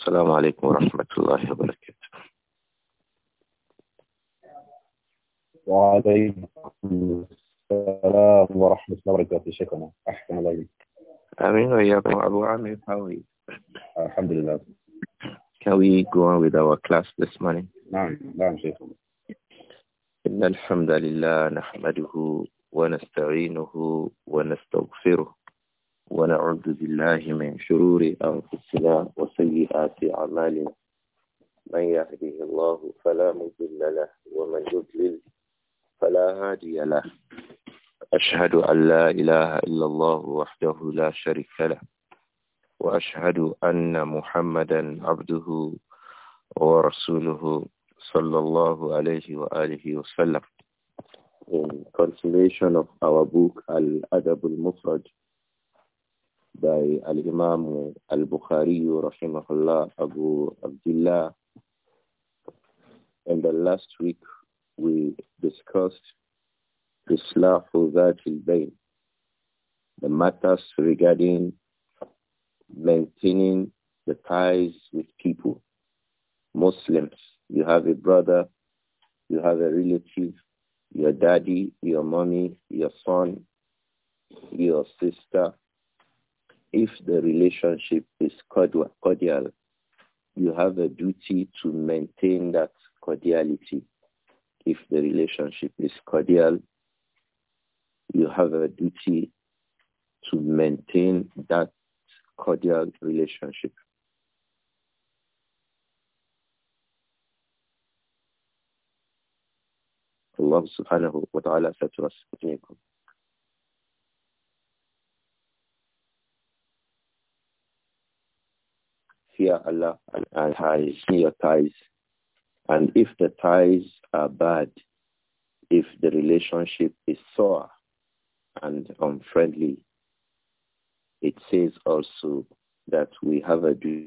السلام عليكم ورحمة الله وبركاته وعليكم السلام ورحمة الله وبركاته شكرا أحسن الله إليك أمين وإياكم أبو عمير how are you? الحمد لله Can we go on with our class this morning? نعم نعم شيخ إن الحمد لله نحمده ونستعينه ونستغفره ونعوذ بالله من شرور أنفسنا وسيئات أعمالنا من يهده الله فلا مضل له ومن يضلل فلا هادي له أشهد أن لا إله إلا الله وحده لا شريك له وأشهد أن محمدا عبده ورسوله صلى الله عليه وآله وسلم In continuation of our book Al-Adab al-Mufraj by Al-Imam Al-Bukhari rahimahullah Abu Abdullah. And the last week we discussed Islahu Zatil Bayn, the matters regarding maintaining the ties with people, Muslims. You have a brother, you have a relative, your daddy, your mommy, your son, your sister, if the relationship is cordial, you have a duty to maintain that cordiality. If the relationship is cordial, you have a duty to maintain that cordial relationship. Allah subhanahu wa ta'ala said to us, fear Allah and, His your ties. And if the ties are bad, if the relationship is sour and unfriendly, it says also that we have a duty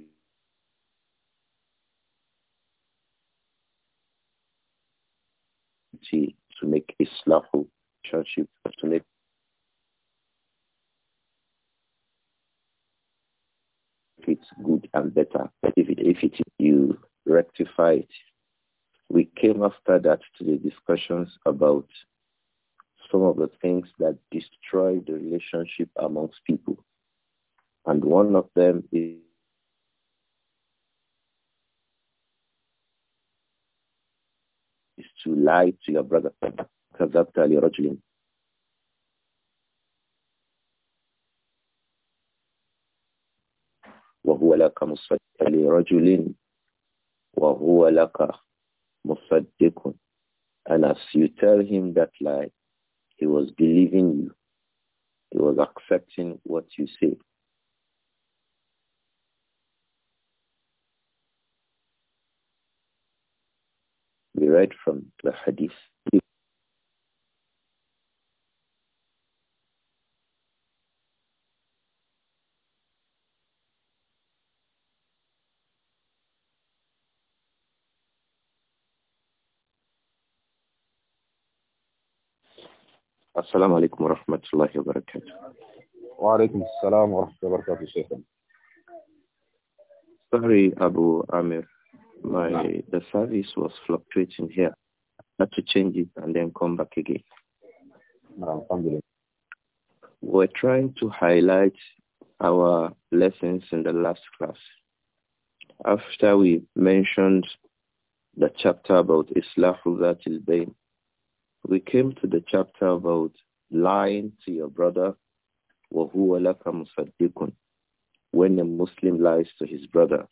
to make Islahu, church, to make It's good and better. But if it, if it you rectify it. We came after that to the discussions about some of the things that destroy the relationship amongst people. And one of them is is to lie to your brother. وهو لك مصدق لرجل وهو لك مصدق and as you tell him that lie he was believing you he was accepting what you say we read from the hadith السلام عليكم ورحمة الله وبركاته وعليكم السلام ورحمة الله وبركاته Sorry, Abu Amir. My the service was fluctuating here. I had to change it and then come back again. We're trying to highlight our lessons in the last class. After we mentioned the chapter about Islahu Zatil Bain, we came to the chapter about lying to your brother, When a Muslim lies to his brother,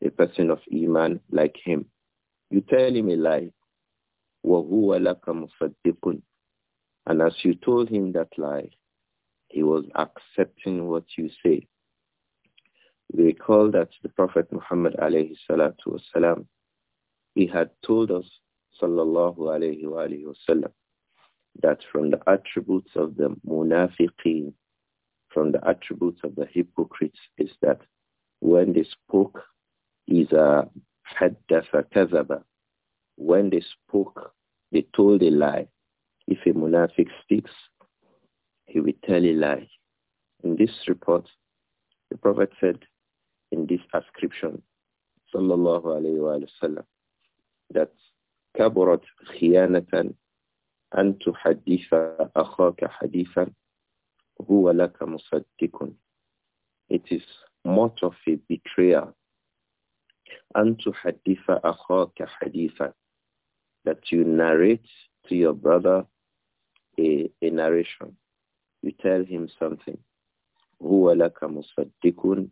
a person of Iman like him, you tell him a lie, And as you told him that lie, he was accepting what you say. We recall that the Prophet Muhammad alayhi salatu wasalam, he had told us sallallahu alayhi wa alayhi wasallam, that from the attributes of the munafiqeen, from the attributes of the hypocrites is that when they spoke, إِذَا حَدَّثَ كَذَبَ When they spoke, they told a lie. If a munafiq speaks, he will tell a lie. In this report, the Prophet said in this ascription, sallallahu alayhi wa sallam, that كبرت خيانة أن تحدث أخاك حديثا هو لك مصدق It is much of a betrayal أن تحدث أخاك حديثا That you narrate to your brother a, a narration You tell him something هو لك مصدق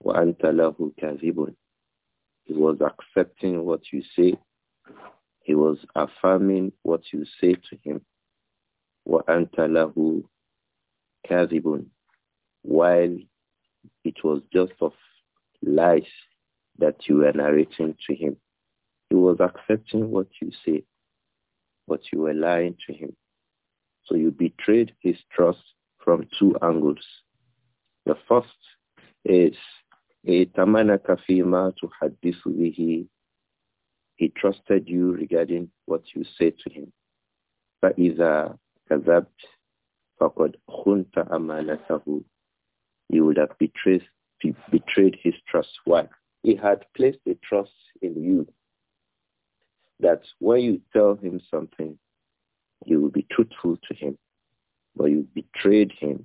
وأنت له كاذب He was accepting what you say he was affirming what you say to him. وَأَنْتَ لَهُ كَاذِبٌ While it was just of lies that you were narrating to him. He was accepting what you say, but you were lying to him. So you betrayed his trust from two angles. The first is إِتَمَنَكَ فِي مَا تُحَدِّثُ بِهِ he trusted you regarding what you said to him. فَإِذَا كَذَبْتَ فَقَدْ خُنْتَ أَمَانَتَهُ You would have betrayed, betrayed his trust. Why? He had placed a trust in you that when you tell him something, you will be truthful to him. But you betrayed him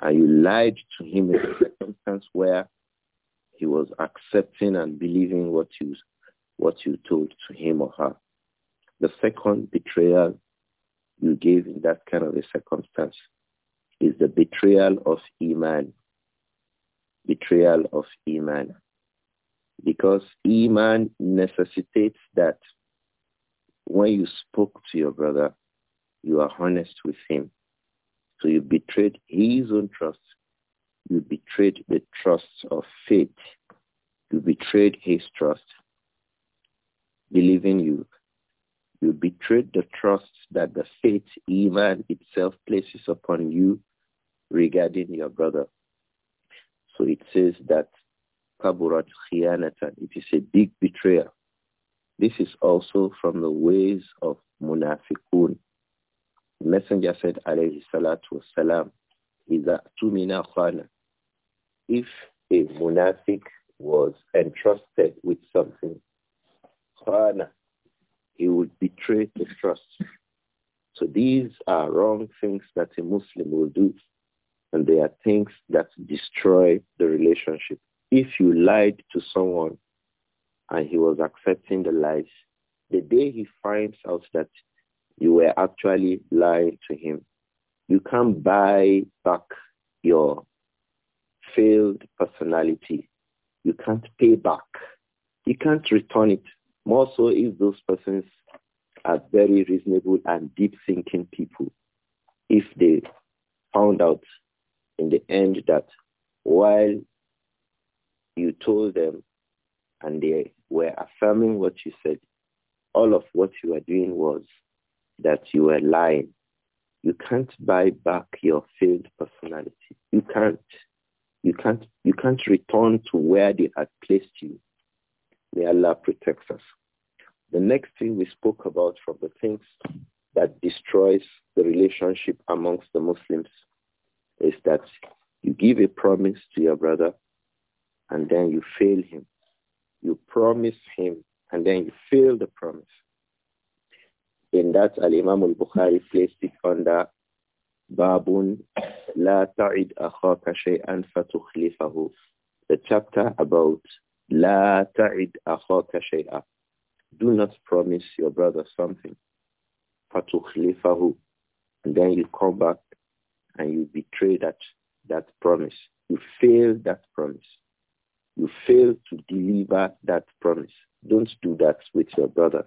and you lied to him in a circumstance where he was accepting and believing what you what you told to him or her. The second betrayal you gave in that kind of a circumstance is the betrayal of Iman. Betrayal of Iman. Because Iman necessitates that when you spoke to your brother, you are honest with him. So you betrayed his own trust. You betrayed the trust of faith. You betrayed his trust believing you. You betrayed the trust that the faith, Iman itself, places upon you regarding your brother. So it says that kaburat khianatan. it is a big betrayal. This is also from the ways of munafikun. The messenger said, alayhi salatu wasalam, إِذَا If a munafik was entrusted with something, Partner, He would betray his trust. So these are wrong things that a Muslim will do. And they are things that destroy the relationship. If you lied to someone and he was accepting the lies, the day he finds out that you were actually lying to him, you can't buy back your failed personality. You can't pay back. You can't return it. More so if those persons are very reasonable and deep thinking people. If they found out in the end that while you told them and they were affirming what you said, all of what you were doing was that you were lying. You can't buy back your failed personality. You can't. You can't. You can't return to where they had placed you. May Allah protect us. The next thing we spoke about from the things that destroys the relationship amongst the Muslims is that you give a promise to your brother and then you fail him. You promise him and then you fail the promise. In that, Al-Imam al-Bukhari placed it under Babun La Ta'id Akhaka Shay'an Fatukhlifahu. The chapter about do not promise your brother something. And then you come back and you betray that, that promise. You fail that promise. You fail to deliver that promise. Don't do that with your brother.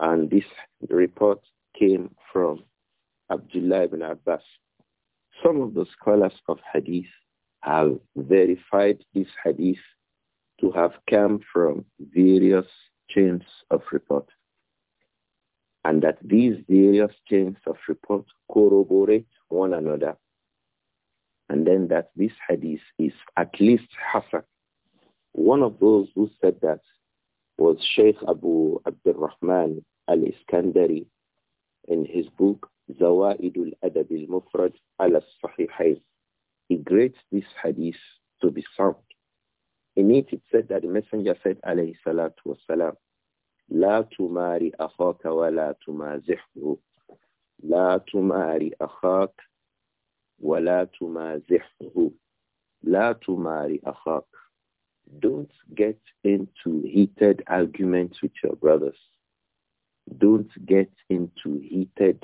And this report came from Abdullah ibn Abbas. Some of the scholars of hadith have verified this hadith to have come from various chains of report and that these various chains of report corroborate one another and then that this hadith is at least hasan. One of those who said that was Sheikh Abu Abdurrahman al-Iskandari in his book Zawaidul Adab al-Mufrad al-Sahihayn. He grades this hadith to be sound. In it, it said that the messenger said, alayhi salatu wasalam, لا تماري أخاك ولا تمازحه لا تماري أخاك ولا تمازحه لا تماري أخاك Don't get into heated arguments with your brothers. Don't get into heated,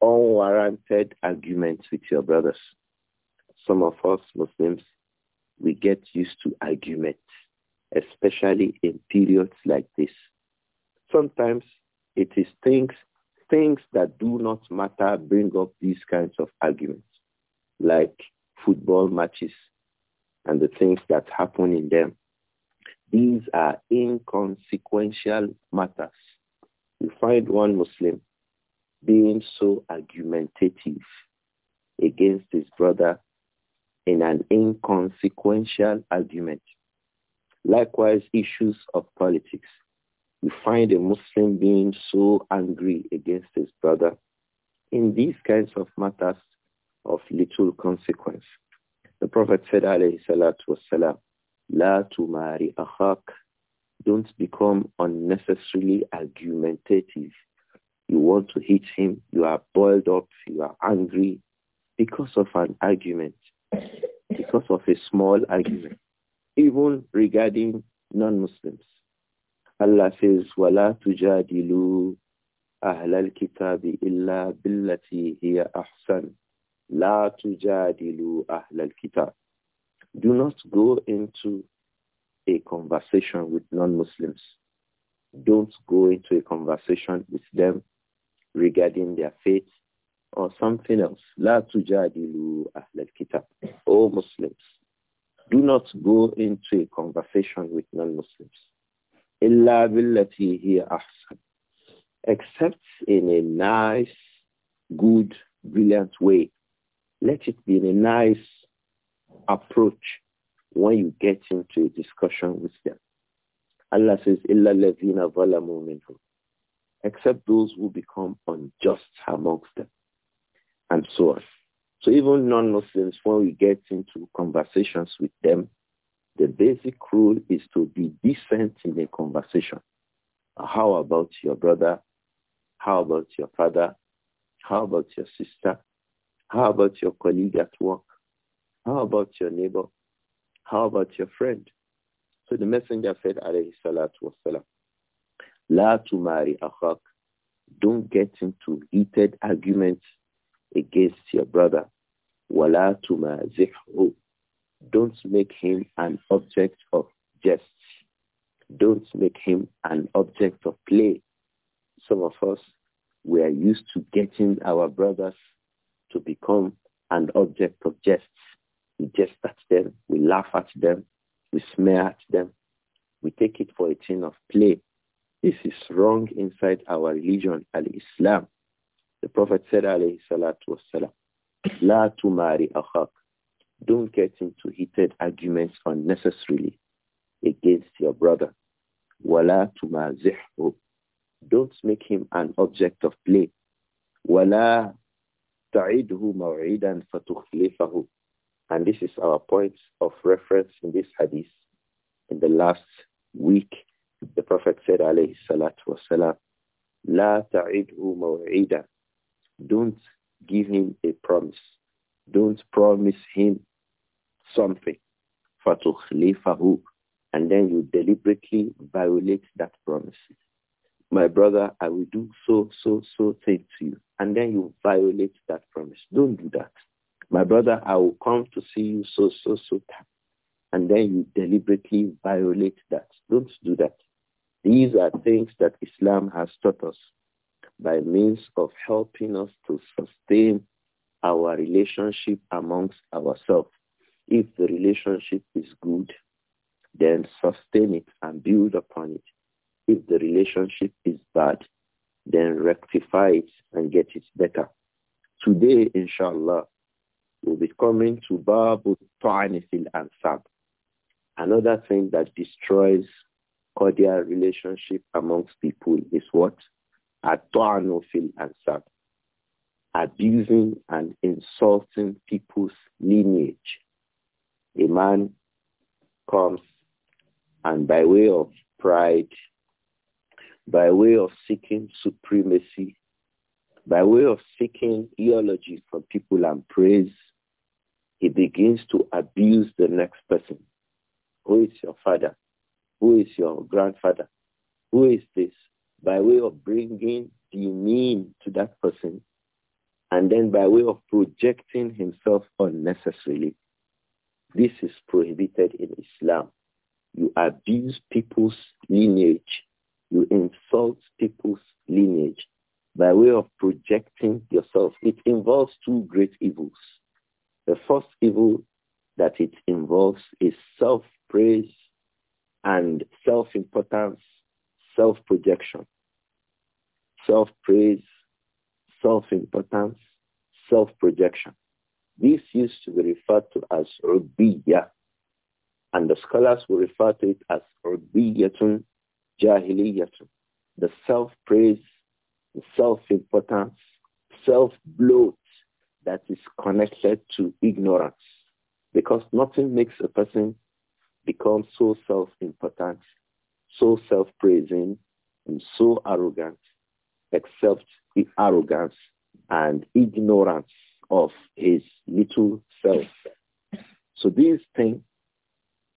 unwarranted arguments with your brothers. Some of us Muslims, we get used to arguments, especially in periods like this. Sometimes it is things, things that do not matter bring up these kinds of arguments, like football matches and the things that happen in them. These are inconsequential matters. You find one Muslim being so argumentative against his brother in an inconsequential argument. Likewise, issues of politics. You find a Muslim being so angry against his brother in these kinds of matters of little consequence. The Prophet said, alayhi salatu wasalam, La Don't become unnecessarily argumentative. You want to hit him. You are boiled up. You are angry because of an argument because of a small argument, even regarding non-Muslims. Allah says, وَلَا تُجَادِلُوا أَهْلَ الْكِتَابِ إِلَّا بِالَّتِي هِيَ أَحْسَنُ لَا تُجَادِلُوا أَهْلَ الْكِتَابِ Do not go into a conversation with non-Muslims. Don't go into a conversation with them regarding their faith or something else. La tujadilu ahlal kitab. O Muslims, do not go into a conversation with non-Muslims. Illa billati ahsan. Except in a nice, good, brilliant way. Let it be in a nice approach when you get into a discussion with them. Allah says, Illa levina minhum. Except those who become unjust amongst them and so on. So even non-Muslims, when we get into conversations with them, the basic rule is to be decent in the conversation. How about your brother? How about your father? How about your sister? How about your colleague at work? How about your neighbor? How about your friend? So the messenger said, alayhi salatu wasalam, la tumari akhak. Don't get into heated arguments against your brother. Wala tumazihhu. Don't make him an object of jest. Don't make him an object of play. Some of us we are used to getting our brothers to become an object of jest. We jest at them, we laugh at them, we smear at them, we take it for a thing of play. This is wrong inside our religion, Al-Islam. The Prophet said, alayhi salatu wassalam, La tumari akhak. Don't get into heated arguments unnecessarily against your brother. Wala tumazihhu. Don't make him an object of play. Wala ta'idhu maw'idan fatukhlifahu. And this is our point of reference in this hadith. In the last week, the Prophet said, alayhi salatu wasalam, La ta'idhu maw'idan. Don't give him a promise. Don't promise him something. فَتُخْلِفَهُ And then you deliberately violate that promise. My brother, I will do so, so, so thing to you. And then you violate that promise. Don't do that. My brother, I will come to see you so, so, so time. And then you deliberately violate that. Don't do that. These are things that Islam has taught us by means of helping us to sustain our relationship amongst ourselves. If the relationship is good, then sustain it and build upon it. If the relationship is bad, then rectify it and get it better. Today, inshallah, we'll be coming to Babu Ta'anifil Ansab. Another thing that destroys cordial relationship amongst people is what? Adwanu and ansab. Abusing and insulting people's lineage. A man comes and by way of pride, by way of seeking supremacy, by way of seeking eulogies from people and praise, he begins to abuse the next person. Who is your father? Who is your grandfather? Who is this? by way of bringing the name to that person and then by way of projecting himself unnecessarily. This is prohibited in Islam. You abuse people's lineage. You insult people's lineage by way of projecting yourself. It involves two great evils. The first evil that it involves is self-praise and self-importance self-projection, self-praise, self-importance, self-projection. This used to be referred to as rubiya, and the scholars will refer to it as rubiyatun jahiliyatun, the self-praise, the self-importance, self-bloat that is connected to ignorance, because nothing makes a person become so self-important so self-praising and so arrogant, except the arrogance and ignorance of his little self. So this thing,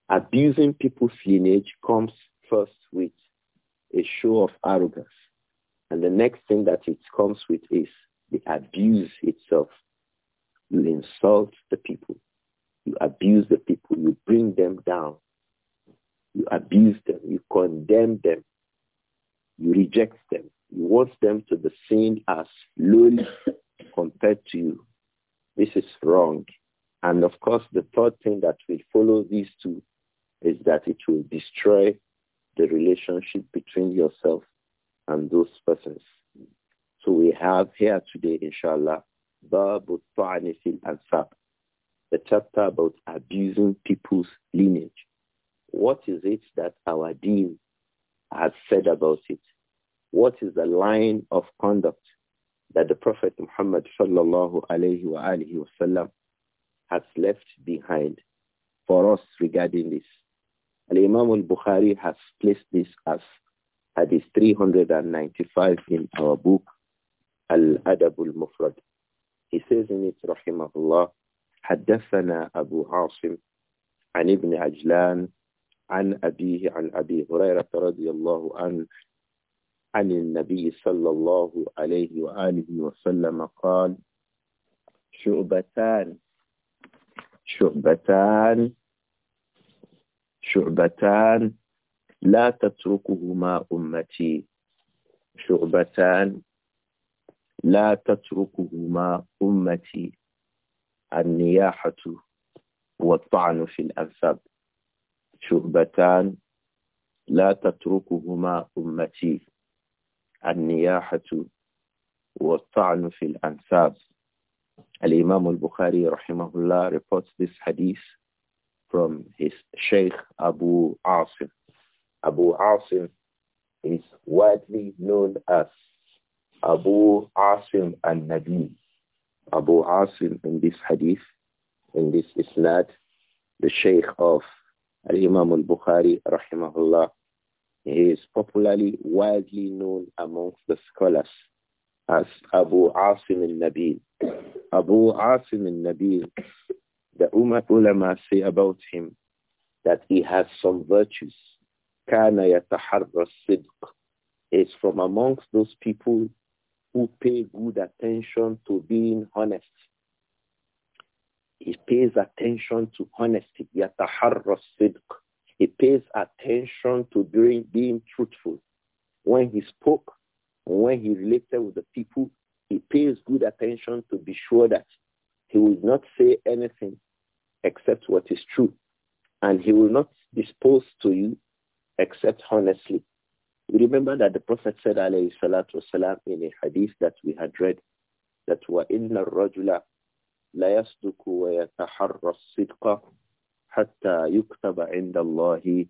abusing people's lineage comes first with a show of arrogance. And the next thing that it comes with is the abuse itself. You insult the people. You abuse the people. You bring them down. You abuse them. You condemn them. You reject them. You want them to be seen as lowly compared to you. This is wrong. And of course, the third thing that will follow these two is that it will destroy the relationship between yourself and those persons. So we have here today, inshallah, Babu Ta'ani Ansab, the chapter about abusing people's lineage. What is it that our dean has said about it? What is the line of conduct that the Prophet Muhammad sallallahu alayhi wa alihi wasallam has left behind for us regarding this? Al-Imam al-Bukhari has placed this as hadith 395 in our book Al-Adab al-Mufrad. He says in it, رحمه الله, حدثنا أبو عاصم عن ابن عجلان عن أبيه عن أبي هريرة رضي الله عنه عن النبي صلى الله عليه وآله وسلم قال شعبتان شعبتان شعبتان لا تتركهما أمتي شعبتان لا تتركهما أمتي النياحة والطعن في الأنساب شُعْبَتَانِ لَا تَتْرُكُهُمَا أُمَّتِي النِّيَاحَةُ وَالطَّعْنُ فِي الْأَنْسَابِ Al-Imam al-Bukhari rahimahullah reports this hadith from his Sheikh Abu Asim. Abu Asim is widely known as Abu Asim al-Nabi. Abu Asim in this hadith, in this isnad, the Sheikh of Al-Imam al-Bukhari, rahimahullah, he is popularly, widely known amongst the scholars as Abu Asim al-Nabil. Abu Asim al-Nabil, the ulama say about him that he has some virtues. كَانَ يَتَحَرَّ الصِّدْقِ is from amongst those people who pay good attention to being honest he pays attention to honesty. sidq. He pays attention to being, being truthful. When he spoke, when he related with the people, he pays good attention to be sure that he will not say anything except what is true. And he will not dispose to you except honestly. You remember that the Prophet said, alayhi salatu wasalam, in a hadith that we had read, that Inna Rajula. لا يصدق ويتحرى الصدق حتى يكتب عند الله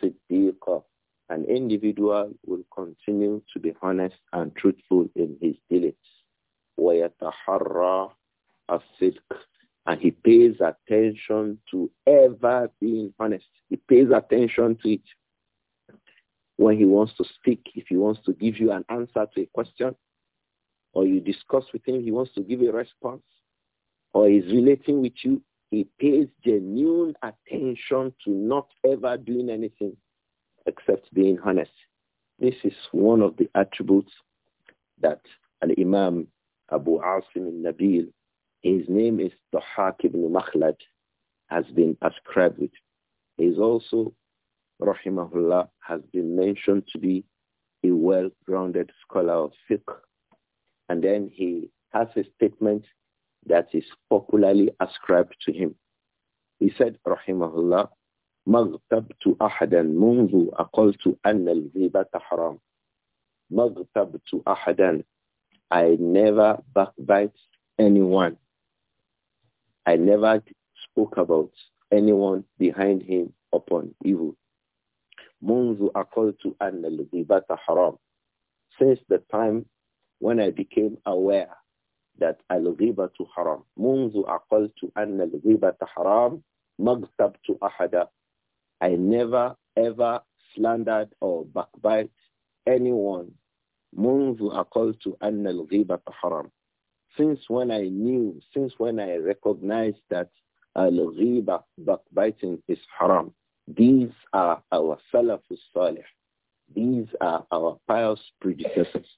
صديقا an individual will continue to be honest and truthful in his dealings. وَيَتَحَرَّى الصِّدْقِ And he pays attention to ever being honest. He pays attention to it. When he wants to speak, if he wants to give you an answer to a question, or you discuss with him, he wants to give a response, or is relating with you, he pays genuine attention to not ever doing anything except being honest. This is one of the attributes that an imam Abu Asim al-Nabil, his name is Tuhak ibn Makhlad, has been ascribed with. He is also, rahimahullah, has been mentioned to be a well-grounded scholar of fiqh. And then he has a statement that is popularly ascribed to him. He said, Rahimahullah, مغتبت أحدا منذ أقلت أن الغيبة حرام. مغتبت أحدا. I never backbite anyone. I never spoke about anyone behind him upon evil. منذ أقلت أن الغيبة حرام. Since the time when I became aware that al-ghibatu haram. منذ أقلت أن الغيبة haram I never ever slandered or backbite anyone. منذ أقلت أن الغيبة haram. Since when I knew, since when I recognized that al-ghiba, backbiting is haram. These are our salafus salih. These are our pious predecessors.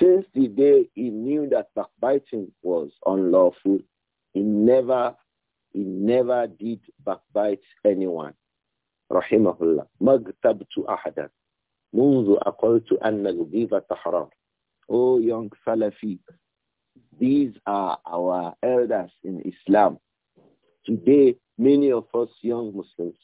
Since the day he knew that backbiting was unlawful, he never, he never did backbite anyone. Rahimahullah. Magtabtu ahadan. منذ أقلت أن الغيبة حرام. Oh young Salafi, these are our elders in Islam. Today, many of us young Muslims,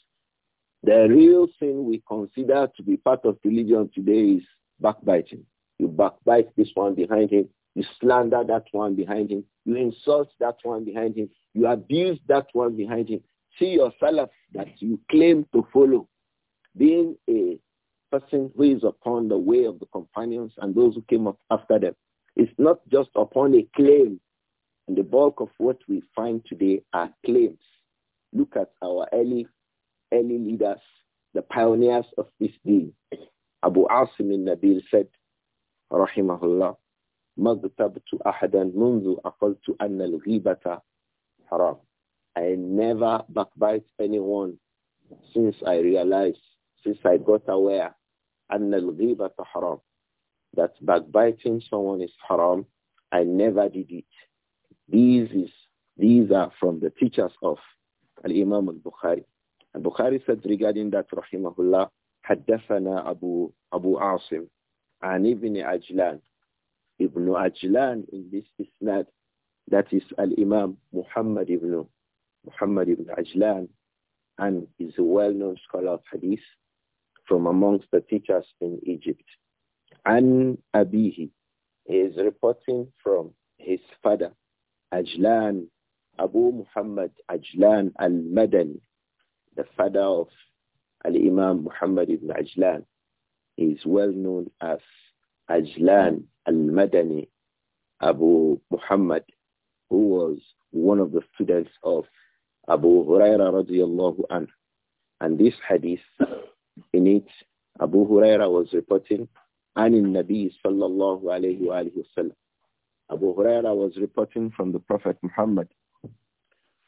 the real thing we consider to be part of religion today is backbiting. You backbite this one behind him. You slander that one behind him. You insult that one behind him. You abuse that one behind him. See yourself that you claim to follow. Being a person who is upon the way of the companions and those who came up after them. It's not just upon a claim. And the bulk of what we find today are claims. Look at our early, early leaders, the pioneers of this deen. Abu Asim al-Nabil said, رحمه الله ما اغتبت أحدا منذ أقلت أن الغيبة I never backbite anyone since I realized, since I got aware أن الغيبة That backbiting someone is haram. I never did it. These is these are from the teachers of Al-Imam al-Bukhari. Al-Bukhari said regarding that, rahimahullah, حدثنا أبو, أبو عاصم and even Ajlan. Ibn Ajlan in this isnad, that is Al-Imam Muhammad ibn Muhammad ibn Ajlan, and is a well-known scholar of hadith from amongst the teachers in Egypt. An Abihi is reporting from his father, Ajlan, Abu Muhammad Ajlan al-Madani, the father of Al-Imam Muhammad ibn Ajlan is well known as Ajlan al-Madani Abu Muhammad, who was one of the students of Abu Huraira radiallahu anhu. And this hadith, in it, Abu Huraira was reporting, and in Nabi sallallahu alayhi wa Abu Huraira was reporting from the Prophet Muhammad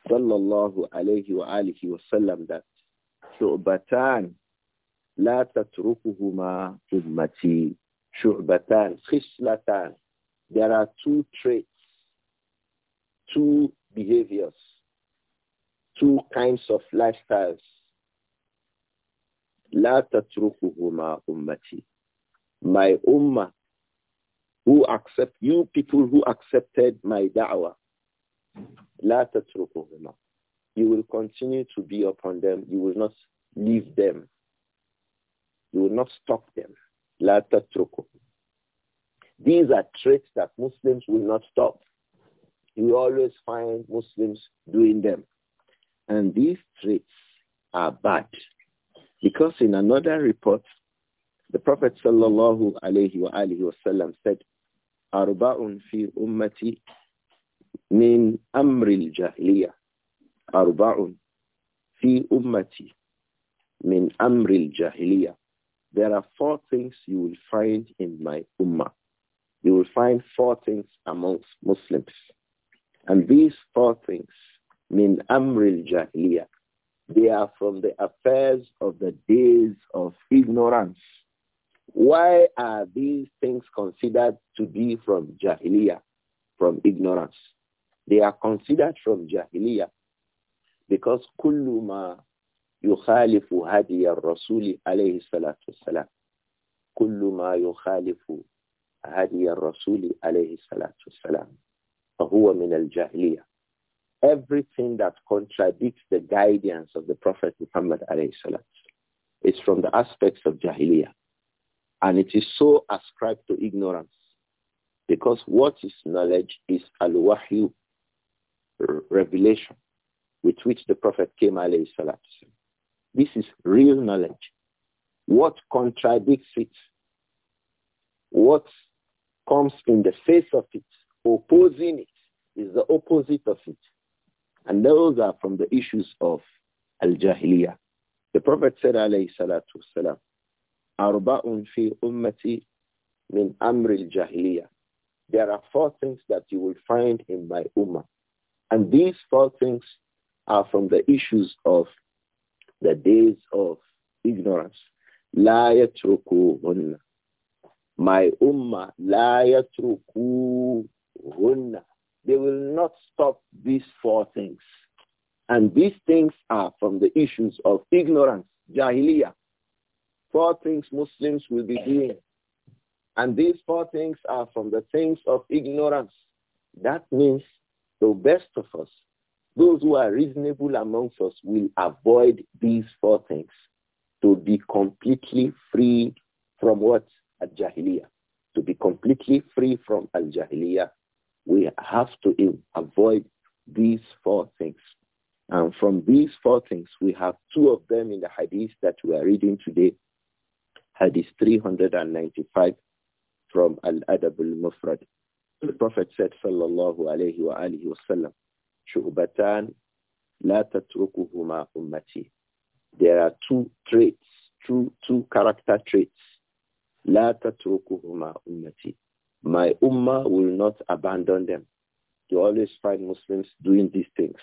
sallallahu alayhi wa alayhi wasallam that Shu'batan لا تتركهما أمتي شعبتان خصلتان There are two traits, two behaviors, two kinds of lifestyles. لا تتركهما أمتي My ummah who accept, you people who accepted my da'wah, لا تتركهما You will continue to be upon them. You will not leave them. You will not stop them. These are traits that Muslims will not stop. You always find Muslims doing them. And these traits are bad. Because in another report, the Prophet sallallahu alayhi wa alihi said, أربعٌ في أمتي من أمر الجاهلية أربعٌ في أمتي من أمر الجاهلية there are four things you will find in my ummah. You will find four things amongst Muslims. And these four things, mean amril jahiliyyah, they are from the affairs of the days of ignorance. Why are these things considered to be from jahiliyyah, from ignorance? They are considered from jahiliyyah because kulluma. يخالف هدي الرسول عليه الصلاة والسلام كل ما يخالف هدي الرسول عليه الصلاة والسلام فهو من الجاهلية everything that contradicts the guidance of the Prophet Muhammad عليه الصلاة is from the aspects of jahiliyah and it is so ascribed to ignorance because what is knowledge is al-wahyu revelation with which the Prophet came alayhi salatu this is real knowledge. What contradicts it, what comes in the face of it, opposing it, is the opposite of it. And those are from the issues of al-jahiliyyah. The Prophet said, alayhi salatu wasalam, أَرْبَعٌ فِي أُمَّتِي مِنْ أَمْرِ jahiliyyah There are four things that you will find in my ummah. And these four things are from the issues of the days of ignorance. La yatrukuhunna. My ummah, la yatrukuhunna. They will not stop these four things. And these things are from the issues of ignorance, jahiliyyah. Four things Muslims will be doing. And these four things are from the things of ignorance. That means the best of us those who are reasonable amongst us will avoid these four things to be completely free from what? Al-Jahiliyyah. To be completely free from Al-Jahiliyyah, we have to avoid these four things. And from these four things, we have two of them in the hadith that we are reading today. Hadith 395 from Al-Adab al-Mufrad. The Prophet said, sallallahu alayhi wa alihi wa sallam, شعبتان لا تتركهما أمتي There are two traits, two, two character traits. لا تتركهما أمتي My ummah will not abandon them. You always find Muslims doing these things.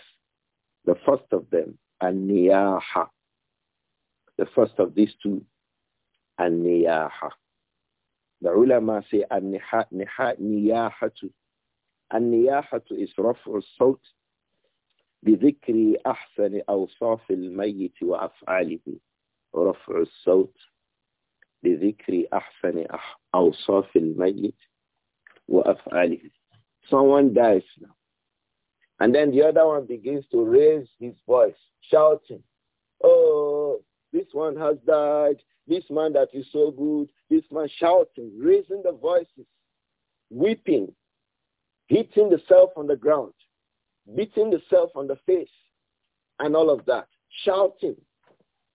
The first of them, النياحة. The first of these two, النياحة. The ulama say النياحة. النياحة is رفع الصوت بذكر أحسن أوصاف الميت وأفعاله رفع الصوت بذكر أحسن أوصاف الميت وأفعاله Someone dies now. And then the other one begins to raise his voice, shouting, Oh, this one has died. This man that is so good. This man shouting, raising the voices, weeping, hitting the self on the ground beating the self on the face and all of that, shouting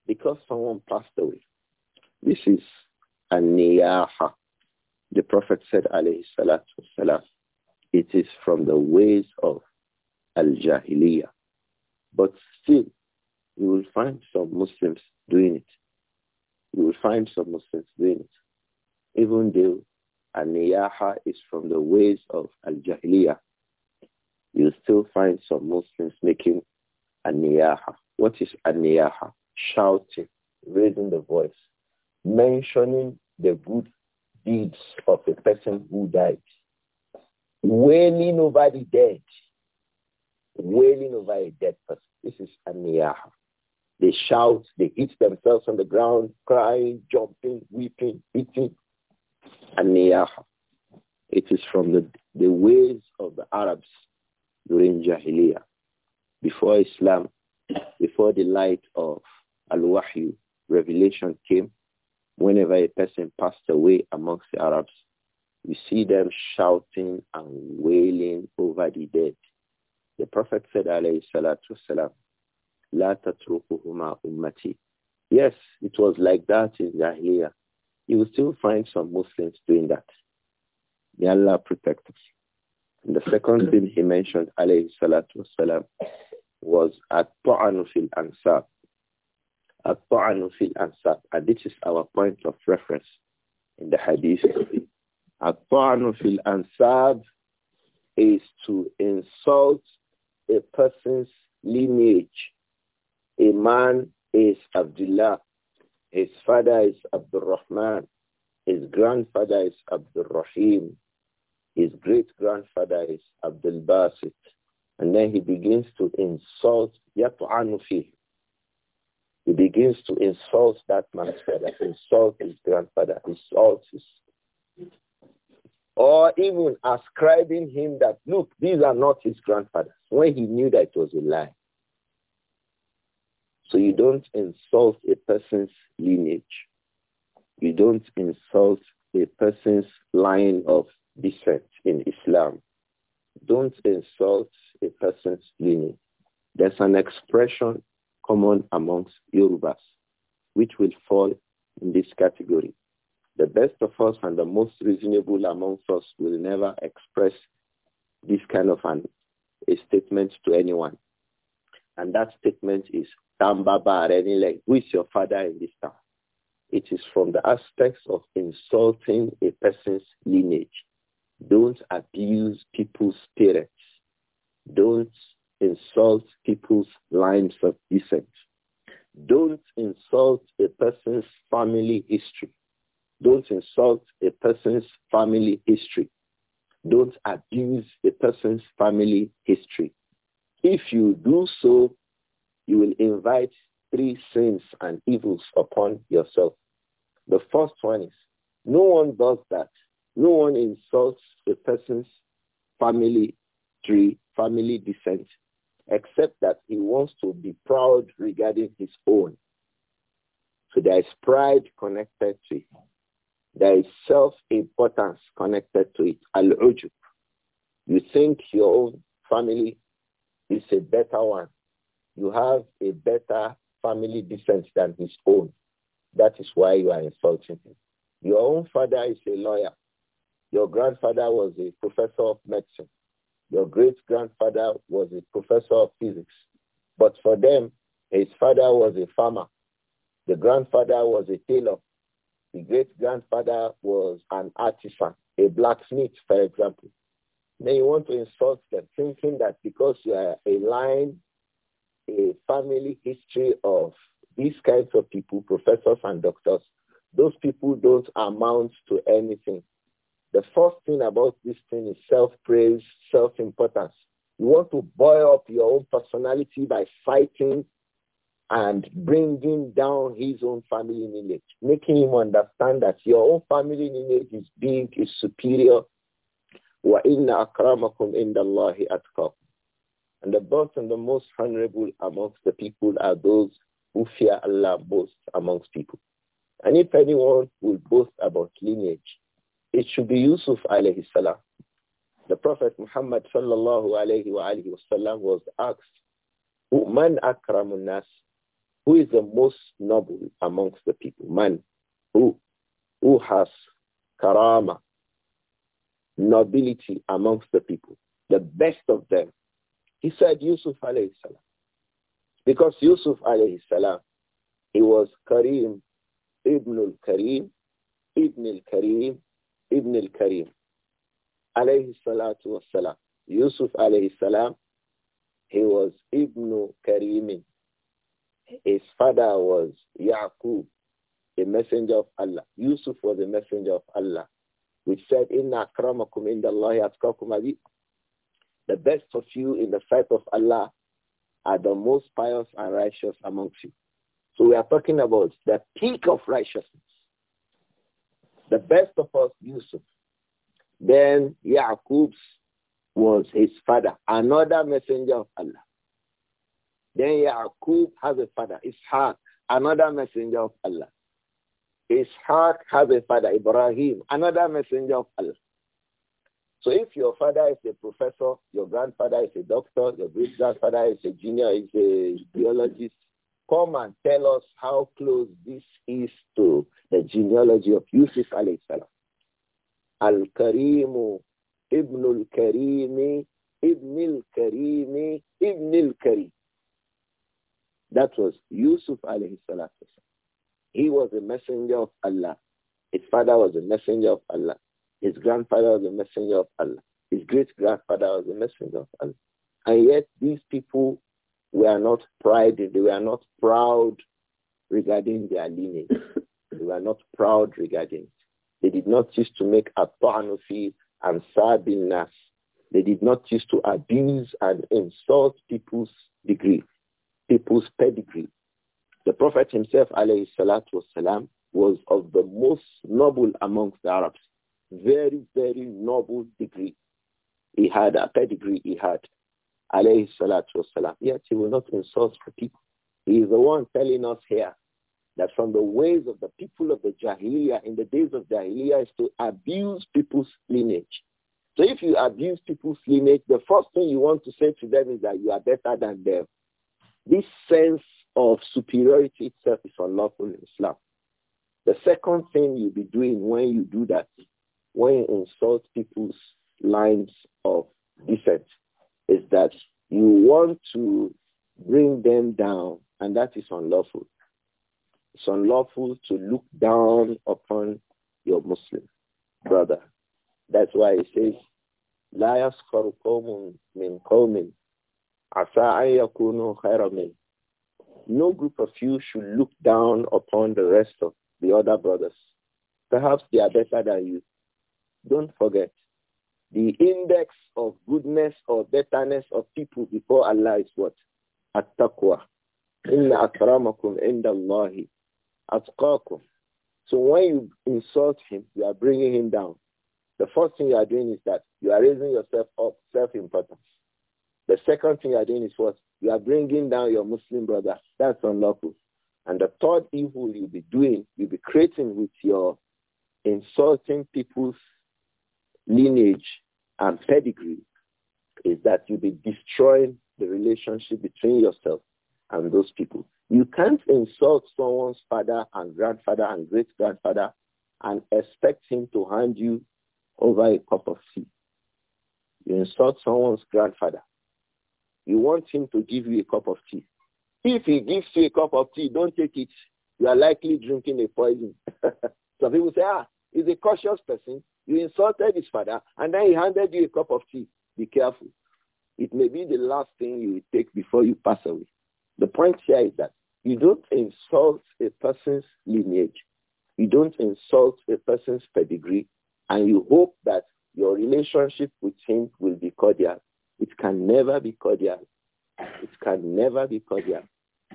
because someone passed away. This is a niyaha. The Prophet said, alayhi salatu salam." it is from the ways of al-jahiliyyah. But still, you will find some Muslims doing it. You will find some Muslims doing it. Even though a niyaha is from the ways of al-jahiliyyah, you still find some Muslims making aniyaha. What is aniyaha? Shouting, raising the voice, mentioning the good deeds of the person who died, wailing over the dead, wailing over a dead person. This is aniyaha. They shout, they hit themselves on the ground, crying, jumping, weeping, beating. Aniyaha. It is from the, the ways of the Arabs during Jahiliyyah, before Islam, before the light of Al-Wahyu, revelation came, whenever a person passed away amongst the Arabs, you see them shouting and wailing over the dead. The Prophet said, alayhi salatu wasalam, La tatrukuhuma ummati. Yes, it was like that in Jahiliyyah. You will still find some Muslims doing that. May Allah protect us. And the second thing he mentioned, alayhi salatu wasalam, was at-ta'anu fil ansab. At-ta'anu fil ansab. And this is our point of reference in the hadith. At-ta'anu fil ansab is to insult a person's lineage. A man is Abdullah. His father is Abdul Rahman. His grandfather is Abdul Rahim. His great grandfather is Abdul Basit. And then he begins to insult Yatu'anufi. He begins to insult that man's father, insult his grandfather, insult his or even ascribing him that, look, these are not his grandfathers, when he knew that it was a lie. So you don't insult a person's lineage. You don't insult a person's line of set in Islam. Don't insult a person's lineage. There's an expression common amongst Yorubas which will fall in this category. The best of us and the most reasonable amongst us will never express this kind of an, a statement to anyone. And that statement is, Tambaba Renile, who is your father in this town? It is from the aspects of insulting a person's lineage. Don't abuse people's spirits. Don't insult people's lines of descent. Don't insult a person's family history. Don't insult a person's family history. Don't abuse a person's family history. If you do so, you will invite three sins and evils upon yourself. The first one is, no one does that no one insults a person's family tree, family descent, except that he wants to be proud regarding his own. So there is pride connected to it. There is self-importance connected to it. Al-ujub. You think your own family is a better one. You have a better family descent than his own. That is why you are insulting him. Your own father is a lawyer. Your grandfather was a professor of medicine. Your great-grandfather was a professor of physics. But for them, his father was a farmer. The grandfather was a tailor. The great-grandfather was an artisan, a blacksmith, for example. Then you want to insult them, thinking that because you are a line, a family history of these kinds of people, professors and doctors, those people don't amount to anything. The first thing about this thing is self-praise, self-importance. You want to boil up your own personality by fighting and bringing down his own family lineage, making him understand that your own family lineage is big, is superior. وَإِنَّ أَكْرَمَكُمْ إِنَّ اللَّهِ أَتْقَاكُمْ And the best and the most honorable amongst the people are those who fear Allah most amongst people. And if anyone will boast about lineage, it should be Yusuf alayhi salam. The Prophet Muhammad sallallahu alayhi wa alayhi wasallam was asked, Man akramun nas? Who is the most noble amongst the people? Man, who, who has karama, nobility amongst the people, the best of them. He said Yusuf alayhi salam. Because Yusuf alayhi salam, he was Kareem Ibn al kareem Ibn al kareem Ibn al-Karim, alayhi salatu wassalam. Yusuf alayhi salam, he was Ibn Karim. His father was Yaqub, a messenger of Allah. Yusuf was a messenger of Allah, which said, Inna akramakum indallahi atkakum The best of you in the sight of Allah are the most pious and righteous amongst you. So we are talking about the peak of righteousness the best of us, Yusuf. Then Ya'qub was his father, another messenger of Allah. Then Yaqub has a father, Ishaq, another messenger of Allah. Ishaq has a father, Ibrahim, another messenger of Allah. So if your father is a professor, your grandfather is a doctor, your great grandfather is a junior, is a biologist come and tell us how close this is to the genealogy of Yusuf alayhi salam. Al-Karimu, Ibn al-Karimi, Ibn al-Karimi, Ibn al-Karim. That was Yusuf alayhi salam. He was a messenger of Allah. His father was a messenger of Allah. His grandfather was a messenger of Allah. His great grandfather was a messenger of Allah. And yet these people are not pride, they were not proud regarding their lineage. they were not proud regarding. They did not choose to make a ta'anufi and sabinas. They did not choose to abuse and insult people's degree, people's pedigree. The Prophet himself, alayhi salatu wasalam, was of the most noble amongst the Arabs. Very, very noble degree. He had a pedigree he had alayhi salatu wasalam. Yet he will not insult the people. He is the one telling us here that from the ways of the people of the Jahiliyyah in the days of Jahiliyyah is to abuse people's lineage. So if you abuse people's lineage, the first thing you want to say to them is that you are better than them. This sense of superiority itself is unlawful in Islam. The second thing you'll be doing when you do that, when you insult people's lines of descent, is that you want to bring them down, and that is unlawful. It's unlawful to look down upon your Muslim brother. That's why it says, "Layas يسخر قوم من قوم No group of you should look down upon the rest of the other brothers. Perhaps they are better than you. Don't forget, the index of goodness or betterness of people before Allah is what? At-taqwa. Inna akramakum indallahi atqakum. So when you insult him, you are bringing him down. The first thing you are doing is that you are raising yourself up, self-importance. The second thing you are doing is what? You are bringing down your Muslim brother. That's unlawful. And the third evil you'll be doing, you'll be creating with your insulting people's lineage and pedigree is that you'll be destroying the relationship between yourself and those people. You can't insult someone's father and grandfather and great-grandfather and expect him to hand you over a cup of tea. You insult someone's grandfather. You want him to give you a cup of tea. If he gives you a cup of tea, don't take it. You are likely drinking a poison. Some people say, ah, he's a cautious person. You insulted his father and then he handed you a cup of tea. Be careful. It may be the last thing you take before you pass away. The point here is that you don't insult a person's lineage. You don't insult a person's pedigree. And you hope that your relationship with him will be cordial. It can never be cordial. It can never be cordial.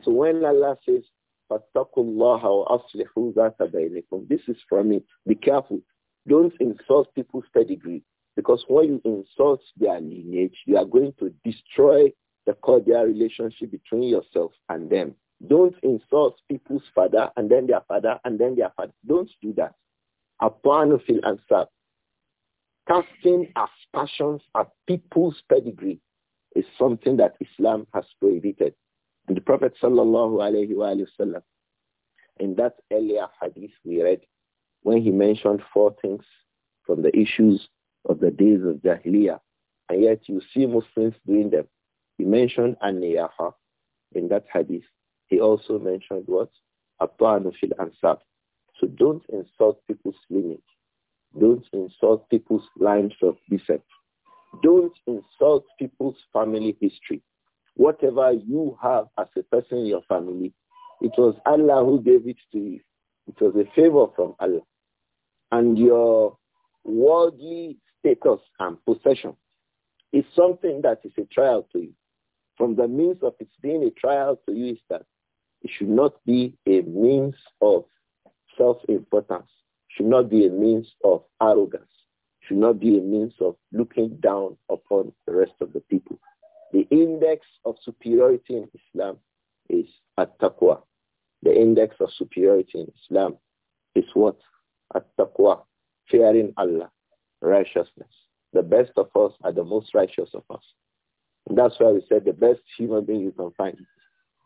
So when Allah says, This is from me. Be careful. Don't insult people's pedigree because when you insult their lineage, you are going to destroy the cordial relationship between yourself and them. Don't insult people's father and then their father and then their father. Don't do that. Apanufil answer. Casting aspersions at people's pedigree is something that Islam has prohibited. And the Prophet sallallahu alayhi wa, alayhi wa sallam, in that earlier hadith we read, when he mentioned four things from the issues of the days of Jahiliyyah, and yet you see Muslims doing them. He mentioned An-Niyaha in that hadith. He also mentioned what? At-Ta'anu fil Ansab. So don't insult people's lineage. Don't insult people's lines of descent. Don't insult people's family history. Whatever you have as a person in your family, it was Allah who gave it to you. It was a favor from Allah and your worldly status and possession is something that is a trial to you. From the means of it being a trial to you is that it should not be a means of self-importance, should not be a means of arrogance, should not be a means of looking down upon the rest of the people. The index of superiority in Islam is at-taqwa. The index of superiority in Islam is what? most righteous of us. And that's why we said the best human being you can find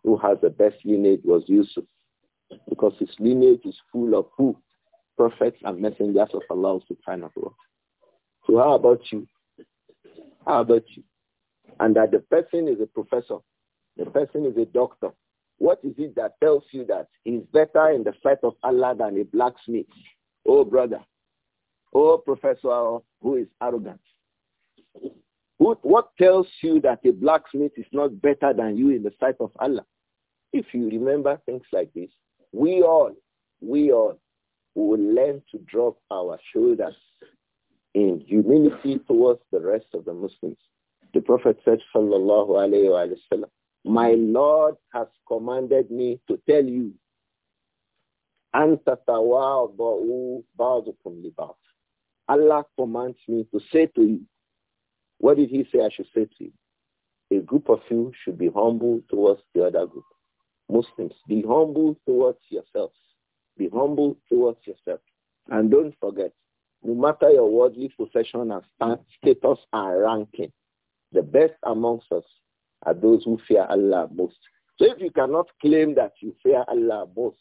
who has the best lineage was Yusuf. Because his lineage is full of who? Prophets and messengers of Allah subhanahu wa ta'ala. So how about you? How about you? And that the person is a professor. The person is a doctor. What is it that tells you that he's better in the sight of Allah than a blacksmith? Oh, brother. Oh, professor who is arrogant. What, what tells you that a blacksmith is not better than you in the sight of Allah? If you remember things like this, we all, we all will learn to drop our shoulders in humility towards the rest of the Muslims. The Prophet said, Sallallahu Alaihi Wasallam, my Lord has commanded me to tell you, Allah commands me to say to you, what did he say I should say to you? A group of you should be humble towards the other group. Muslims, be humble towards yourselves. Be humble towards yourself. And don't forget, no matter your worldly possession and status and ranking, the best amongst us are those who fear Allah most. So if you cannot claim that you fear Allah most,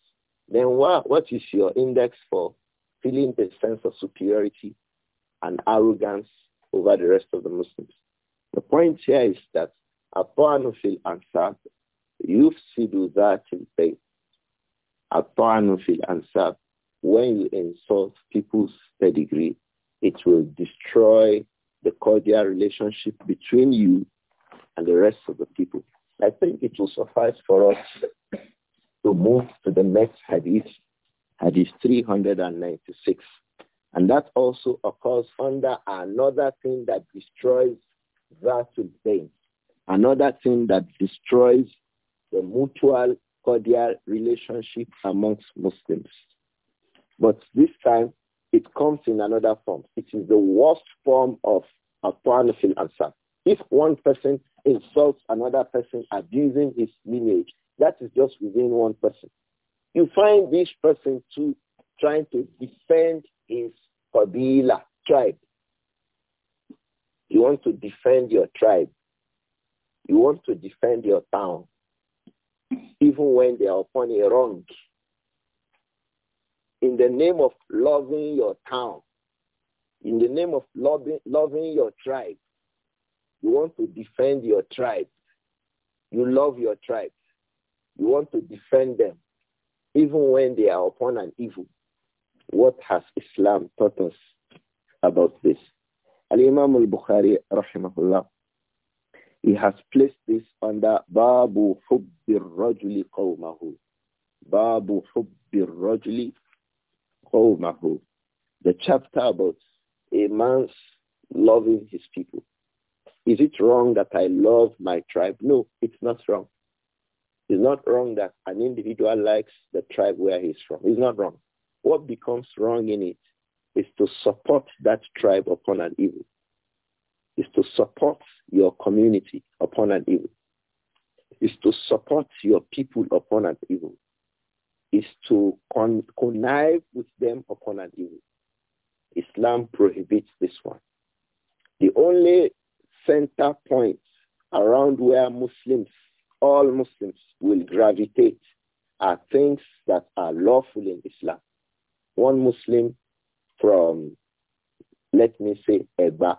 then what, what is your index for feeling a sense of superiority and arrogance over the rest of the Muslims. The point here is that الطعن في الأنساب يفسد ذات البيت. الطعن في الأنساب when you insult people's pedigree, it will destroy the cordial relationship between you and the rest of the people. I think it will suffice for us to move to the next hadith, hadith 396. And that also occurs under another thing that destroys that Bain, another thing that destroys the mutual cordial relationship amongst Muslims. But this time, it comes in another form. It is the worst form of Apanafil answer. If one person insults another person, abusing his lineage, that is just within one person. You find this person too trying to defend is Kabila tribe. You want to defend your tribe. You want to defend your town, even when they are upon a wrong. In the name of loving your town, in the name of loving, loving your tribe, you want to defend your tribe. You love your tribe. You want to defend them, even when they are upon an evil. What has Islam taught us about this? Al-Imam al-Bukhari, rahimahullah, he has placed this under Babu Hubbir Rajli Qawmahu. Babu Hubbir Rajli Qawmahu. The chapter about a man's loving his people. Is it wrong that I love my tribe? No, it's not wrong. It's not wrong that an individual likes the tribe where he's from. It's not wrong. What becomes wrong in it is to support that tribe upon an evil, is to support your community upon an evil, is to support your people upon an evil, is to con connive with them upon an evil. Islam prohibits this one. The only center point around where Muslims, all Muslims will gravitate are things that are lawful in Islam. One Muslim from, let me say, Eba,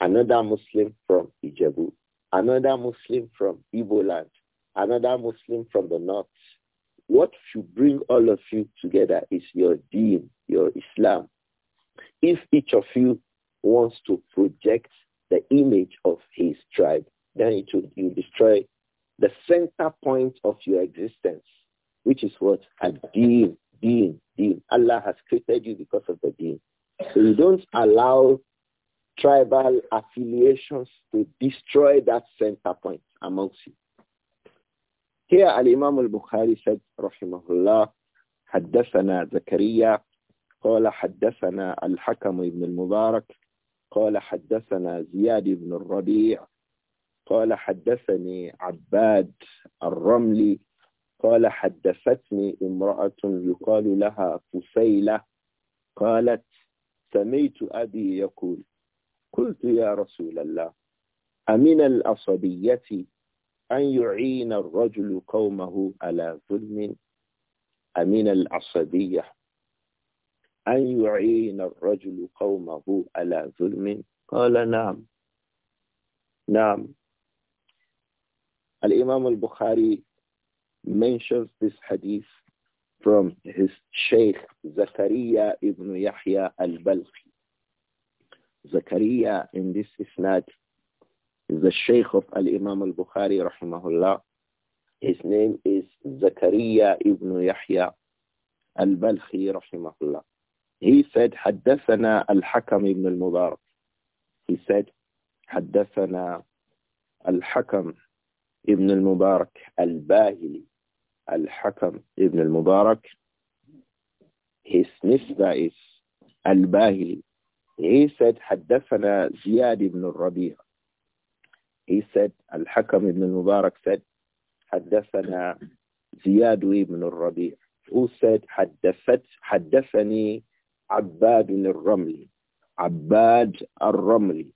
another Muslim from Ijebu, another Muslim from Ibo land, another Muslim from the north. What should bring all of you together is your deen, your Islam. If each of you wants to project the image of his tribe, then it will you destroy the center point of your existence, which is what? A deen, being, being, Allah has created you because of the being. So you don't allow tribal affiliations to destroy that center point amongst you. Here Al-Imam al-Bukhari said, Rahimahullah, حدثنا زكريا قال حدثنا الحكم بن المبارك قال حدثنا زياد بن الربيع قال حدثني عباد الرملي قال حدثتني امرأة يقال لها فسيلة قالت سميت أبي يقول قلت يا رسول الله أمن الأصبية أن يعين الرجل قومه على ظلم أمن العصبية أن يعين الرجل قومه على ظلم قال نعم نعم الإمام البخاري mentions this hadith from his Shaykh Zakaria ibn Yahya al-Balqi. Zakaria in this isnad is the Shaykh of Al-Imam al-Bukhari rahimahullah. His name is Zakaria ibn Yahya al-Balqi rahimahullah. He said, حدثنا الحكم ibn al-Mubarak. He said, حدثنا الحكم ibn al-Mubarak al-Bahili. Al-Hakam ibn al-Mubarak, his nisba is Al-Bahili. He said, حدثنا زياد al rabia He said, Al-Hakam ibn al-Mubarak said, حدثنا زياد al rabia Who said, حدثت حدثني عباد الرملي. Abbad al-Ramli.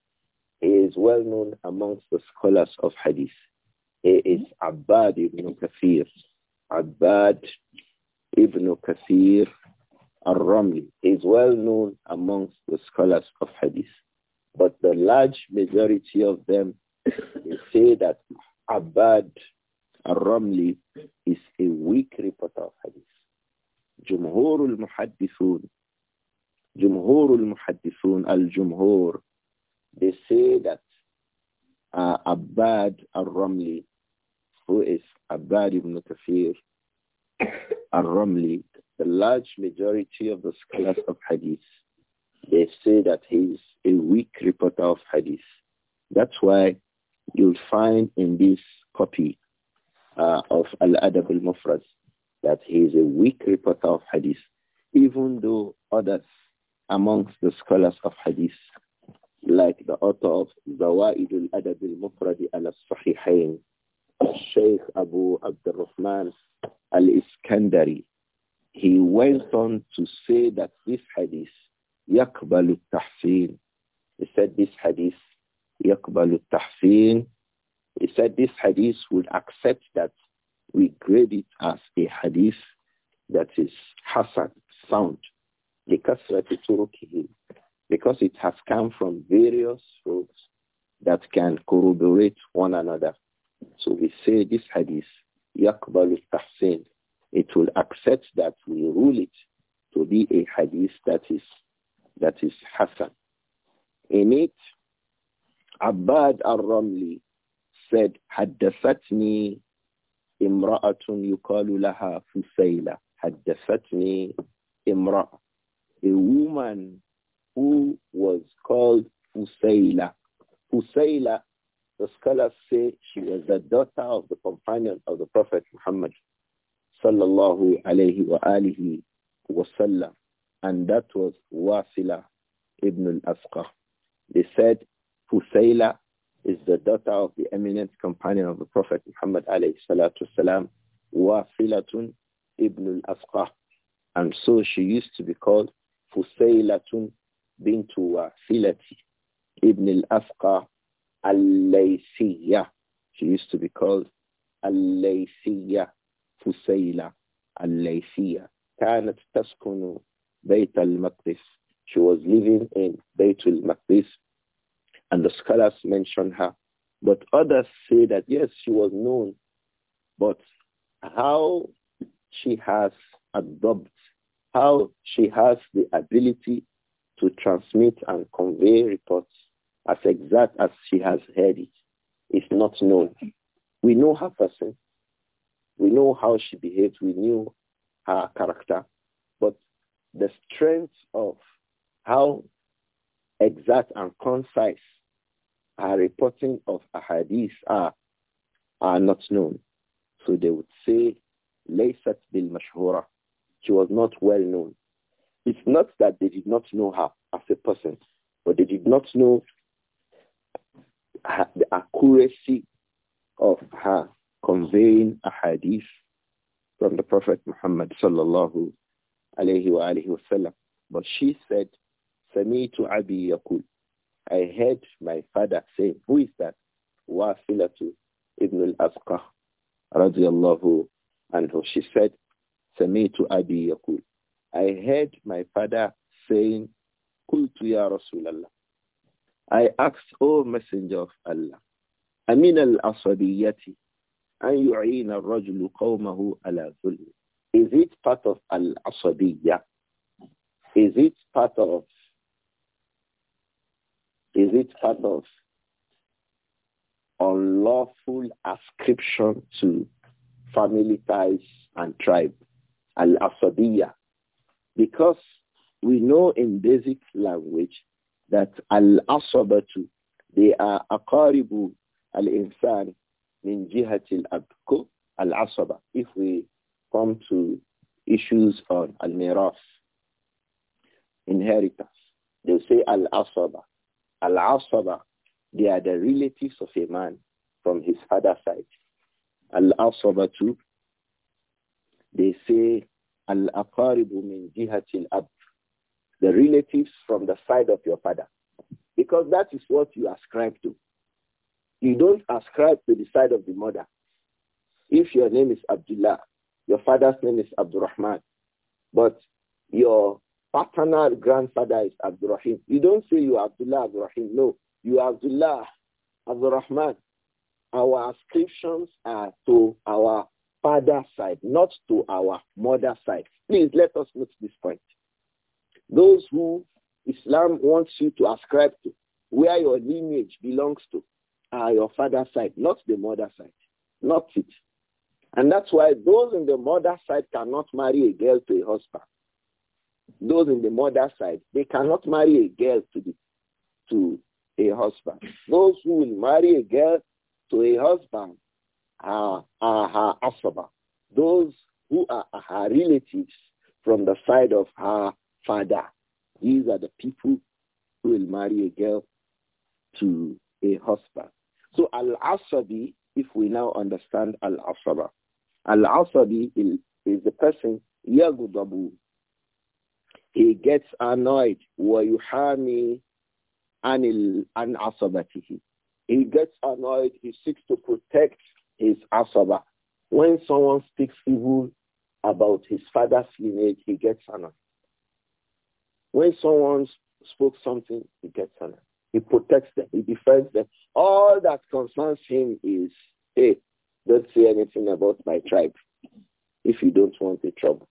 He is well known amongst the scholars of hadith. He is Abbad ibn Kafir. Abad ibn Kathir al-Ramli is well known amongst the scholars of hadith. But the large majority of them say that Abad al-Ramli is a weak reporter of hadith. جمهور المحدثون جمهور al الجمهور they say that uh, Abad al-Ramli who is Abad ibn Kafir al-Ramli, the large majority of the scholars of hadith, they say that he is a weak reporter of hadith. That's why you'll find in this copy uh, of Al-Adab al-Mufrad that he is a weak reporter of hadith, even though others amongst the scholars of hadith, like the author of Zawaid al-Adab al-Mufrad al-Sahihain, Sheikh Abu Abdurrahman al-Iskandari, he went on to say that this hadith, يقبل التحسين. He said this hadith, يقبل التحسين. He said this hadith would accept that we grade it as a hadith that is hasan, sound, because it has come from various sources that can corroborate one another. So we say this hadith, يَقْبَلُ التَّحْسِينَ It will accept that we rule it to be a hadith that is, that is hasan. In it, Abad al-Ramli said, حدثتني imraatun يقال لها فسيلة حدثتني imra a woman who was called Fusaila. Fusaila the scholars say she was the daughter of the companion of the Prophet Muhammad sallallahu alayhi wa alihi wasallam. And that was Wasila ibn al-Asqa. They said Husayla is the daughter of the eminent companion of the Prophet Muhammad alayhi salatu wasalam, Wasilatun ibn al-Asqa. And so she used to be called Fusaylatun bintu Wasilati ibn al-Asqa al She used to be called Al-Laysiya Fusayla Al-Laysiya. كانت تسكن بيت المقدس. She was living in Beit al and the scholars mention her. But others say that yes, she was known, but how she has adopted, how she has the ability to transmit and convey reports as exact as she has heard it is not known. We know her person. We know how she behaved. We knew her character. But the strength of how exact and concise her reporting of hadith are, are not known. So they would say, Laysat bil mashhura. She was not well known. It's not that they did not know her as a person, but they did not know the accuracy of her conveying a hadith from the Prophet Muhammad sallallahu alayhi wa alayhi wa sallam. But she said, Samitu Abi Yakul. I heard my father say, who is that? Wafilatu ibn al-Asqah radiyallahu anhu. She said, Samitu Abi Yakul. I heard my father saying, Kultu ya Rasulallah. I ask O Messenger of Allah, Amin al-Asabiyyati, an yu'in al-rajulu qawmahu ala zulmi. Is it part of al-Asabiyya? Is it part of, is it part of unlawful ascription to family ties and tribe, al-Asabiyya? Because we know in basic language that al-asabatu, they are aqaribu al-insan min jihati al-abko al-asaba. If we come to issues on al-miraf, inheritance, they say al-asaba. Al-asaba, they are the relatives of a man from his father side. Al-asabatu, they say al-aqaribu min jihati al-ab the relatives from the side of your father. Because that is what you ascribe to. You don't ascribe to the side of the mother. If your name is Abdullah, your father's name is Abdurrahman, but your paternal grandfather is Abdurrahim. You don't say you are Abdullah Abdurrahim. No, you are Abdullah Abdurrahman. Our ascriptions are to our father's side, not to our mother's side. Please let us note this point. Those who Islam wants you to ascribe to, where your lineage belongs to, are your father's side, not the mother's side. Not it. And that's why those in the mother's side cannot marry a girl to a husband. Those in the mother's side, they cannot marry a girl to, the, to a husband. Those who will marry a girl to a husband are, are her asaba. Those who are her relatives from the side of her father. These are the people who will marry a girl to a husband. So Al-Asabi, if we now understand Al-Asaba, Al-Asabi is, the person, Yagudabu. He gets annoyed. وَيُحَامِي عَنْ عَصَبَتِهِ He gets annoyed. He seeks to protect his asaba. When someone speaks evil about his father's lineage, he gets annoyed. When someone spoke something, he gets angry. He protects them. He defends them. All that concerns him is, hey, don't say anything about my tribe if you don't want the trouble.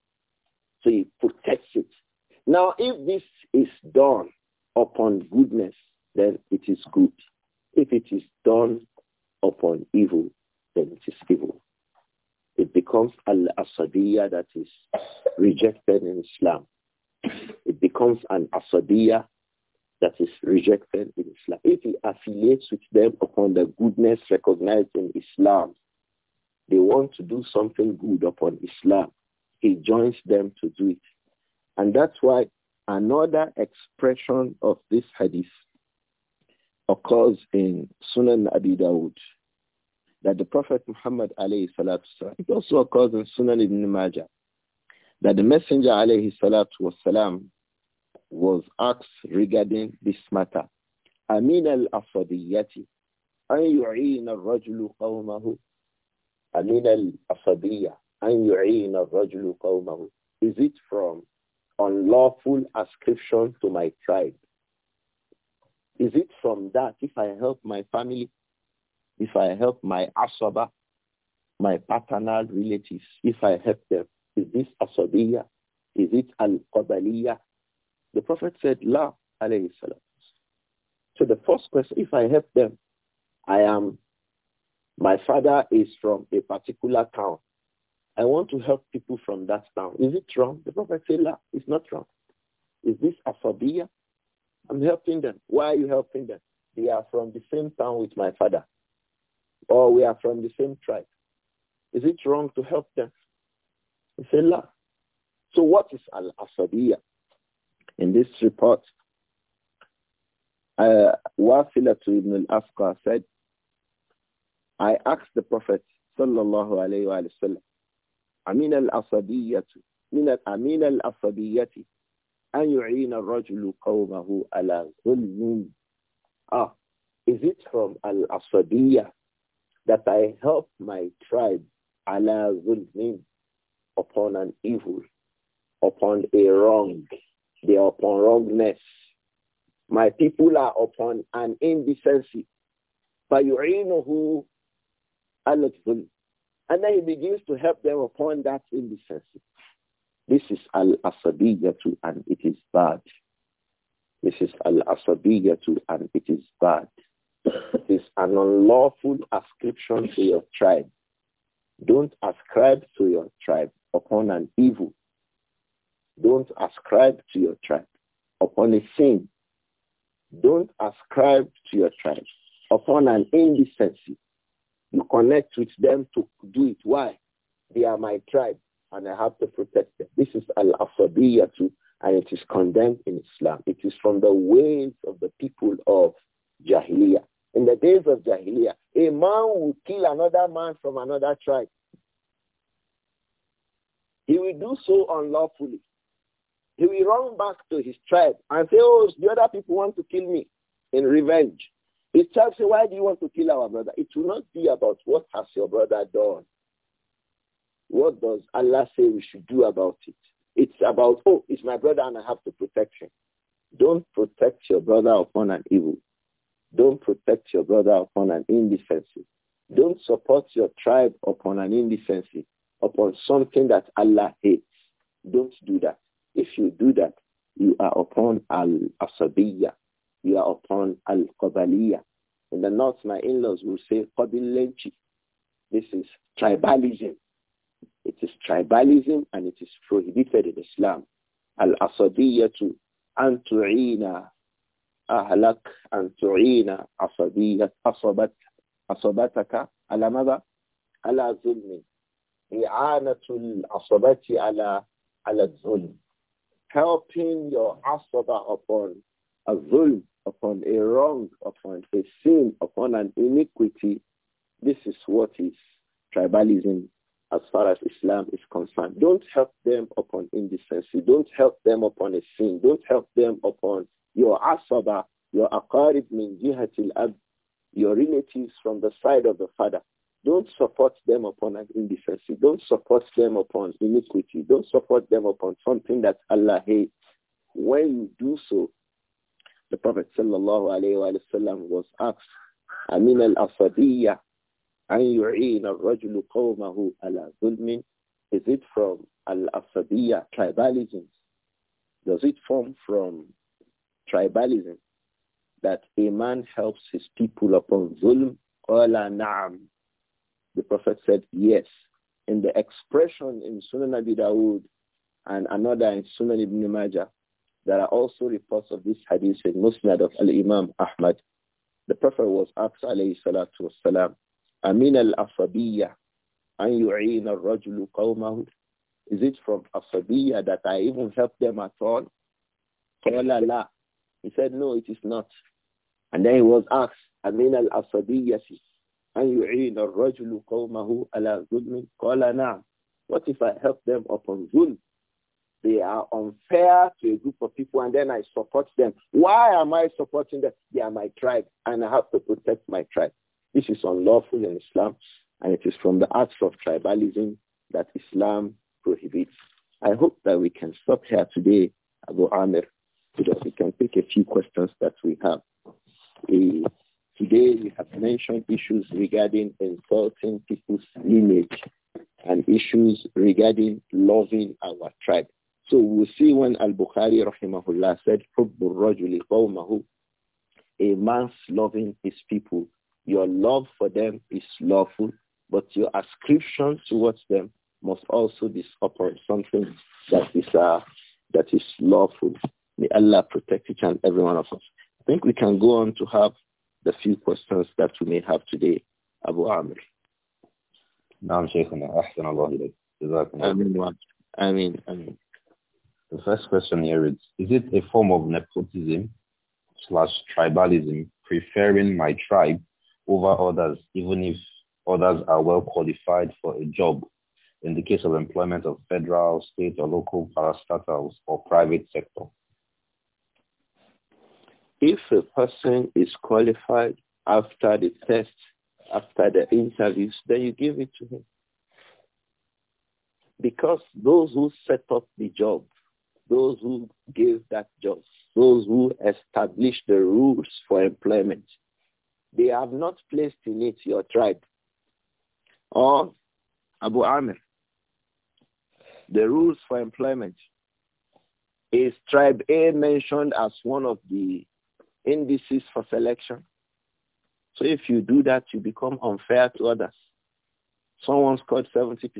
So he protects it. Now, if this is done upon goodness, then it is good. If it is done upon evil, then it is evil. It becomes al-asadiyya that is rejected in Islam it becomes an asabiyah that is rejected in Islam. If he affiliates with them upon the goodness recognized in Islam, they want to do something good upon Islam. He joins them to do it. And that's why another expression of this hadith occurs in Sunan Abi Dawud that the Prophet Muhammad alayhi it also occurs in Sunan Ibn Majah that the Messenger alayhi salatu wasalam was asked regarding this matter. Amin al afadiyati an yu'ina al-rajulu qawmahu. Amin al-Afadiyya an yu'ina al-rajulu qawmahu. Is it from unlawful ascription to my tribe? Is it from that if I help my family, if I help my asaba, my paternal relatives, if I help them, is this Asabiyya? Is it Al-Qabaliyya? The Prophet said, La alayhi salam. So the first question, if I help them, I am, my father is from a particular town. I want to help people from that town. Is it wrong? The Prophet said, La, it's not wrong. Is this Asabiyya? I'm helping them. Why are you helping them? They are from the same town with my father. Or we are from the same tribe. Is it wrong to help them? It's Allah. So what is al-asabiyya? In this report, uh, Wafila Ibn al-Afqa said, I asked the Prophet sallallahu alayhi wa sallam, Amin al-asabiyyatu, Amin al-asabiyyati, أن يعين الرجل قومه على ظلم Ah, is it from Al-Asabiyya that I help my tribe ala zulmin upon an evil, upon a wrong. They are upon wrongness. My people are upon an indecency. فَيُعِينُهُ عَلَى And then he begins to help them upon that indecency. This is al asabiyyatu and it is bad. This is al asabiyyatu and it is bad. it is an unlawful ascription to your tribe. Don't ascribe to your tribe upon an evil. Don't ascribe to your tribe upon a sin. Don't ascribe to your tribe upon an indecency. You connect with them to do it. Why? They are my tribe and I have to protect them. This is al-asabiyyah too and it is condemned in Islam. It is from the ways of the people of Jahiliyyah. In the days of Jahiliyyah, a man would kill another man from another tribe. He will do so unlawfully. He will run back to his tribe and say, oh, the other people want to kill me in revenge. His tribe say, why do you want to kill our brother? It will not be about what has your brother done. What does Allah say we should do about it? It's about, oh, it's my brother and I have to protect him. Don't protect your brother upon an evil. Don't protect your brother upon an indecency. Don't support your tribe upon an indecency upon something that Allah hates. Don't do that. If you do that, you are upon al-asabiyya. You are upon al-qabaliyya. In the north, my in-laws will say qabilenchi. This is tribalism. It is tribalism and it is prohibited in Islam. Al-asabiyya to antu'ina ahlak antu'ina asabiyya asabat asabataka ala mada ala zulmin i'anatul asabati Helping your asaba upon a zulm, upon a wrong, upon a sin, upon an iniquity. This is what is tribalism as far as Islam is concerned. Don't help them upon indecency. Don't help them upon a sin. Don't help them upon your asaba, your aqarib min jihatil ab, your relatives from the side of the father. Don't support them upon agreeing Don't support them upon iniquity. Don't support them upon something that Allah hates. When you do so, the Prophet sallallahu alayhi wa was asked, Amin al-Asadiyya, an yu'een al-rajulu qawmahu ala zulmin. Is it from al-Asadiyya, tribalism? Does it form from tribalism that a man helps his people upon zulm? Qala na'am. The Prophet said, yes. In the expression in Sunan Abi Dawud and another in Sunan Ibn Majah, there are also reports of this hadith in Musnad of Al-Imam Ahmad. The Prophet was asked, alayhi salatu wasalam, Amin al-Asabiyya, an yu'een al-rajulu qawmahu. Is it from Asabiyya that I even helped them at all? Qala la. He said, no, it is not. And then he was asked, Amin al-Asabiyyati, أن يعين الرجل قومه على ظلم قال نعم what if I help them upon ظلم they are unfair to a group of people and then I support them why am I supporting them they are my tribe and I have to protect my tribe this is unlawful in Islam and it is from the acts of tribalism that Islam prohibits I hope that we can stop here today Abu Amir so that we can take a few questions that we have. Uh, Today we have mentioned issues regarding insulting people's image and issues regarding loving our tribe. So we see when Al-Bukhari rahimahullah said, A man's loving his people. Your love for them is lawful, but your ascription towards them must also be something that is, uh, that is lawful. May Allah protect each and every one of us. I think we can go on to have the few questions that we may have today, Abu Amr. نعم شيخنا أحسن الله The first question here is, is it a form of nepotism slash tribalism, preferring my tribe over others, even if others are well qualified for a job in the case of employment of federal, state, or local parastatals or private sector? If a person is qualified after the test, after the interviews, then you give it to him. Because those who set up the job, those who gave that job, those who established the rules for employment, they have not placed in it your tribe or Abu Amr. The rules for employment is tribe A mentioned as one of the indices for selection. So if you do that, you become unfair to others. Someone scored 70%,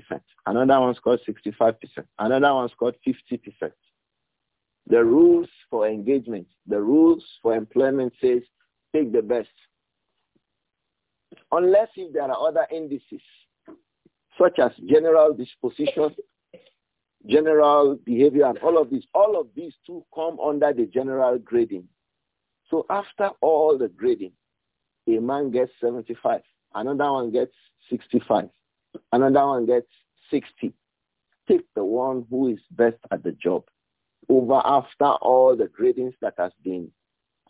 another one scored 65%, another one scored 50%. The rules for engagement, the rules for employment says take the best. Unless if there are other indices, such as general disposition, general behavior, and all of these, all of these too come under the general grading. So after all the grading, a man gets 75, another one gets 65, another one gets 60. Take the one who is best at the job. Over after all the gradings that has been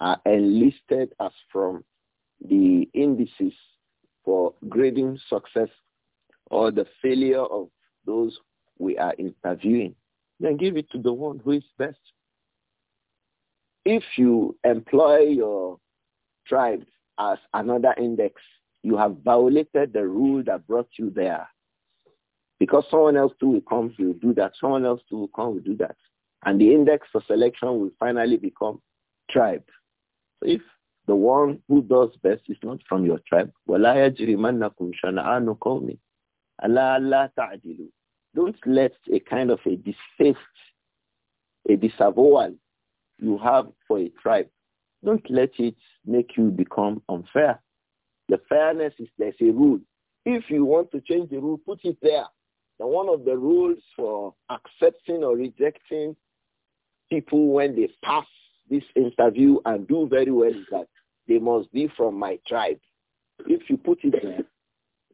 uh, enlisted as from the indices for grading success or the failure of those we are interviewing. Then give it to the one who is best if you employ your tribe as another index, you have violated the rule that brought you there. Because someone else too will come, he will do that. Someone else too will come, will do that. And the index for selection will finally become tribe. So if the one who does best is not from your tribe, تَعْدِلُوا Don't let a kind of a distaste, a disavowal you have for a tribe. Don't let it make you become unfair. The fairness is there's a rule. If you want to change the rule, put it there. And one of the rules for accepting or rejecting people when they pass this interview and do very well is that they must be from my tribe. If you put it there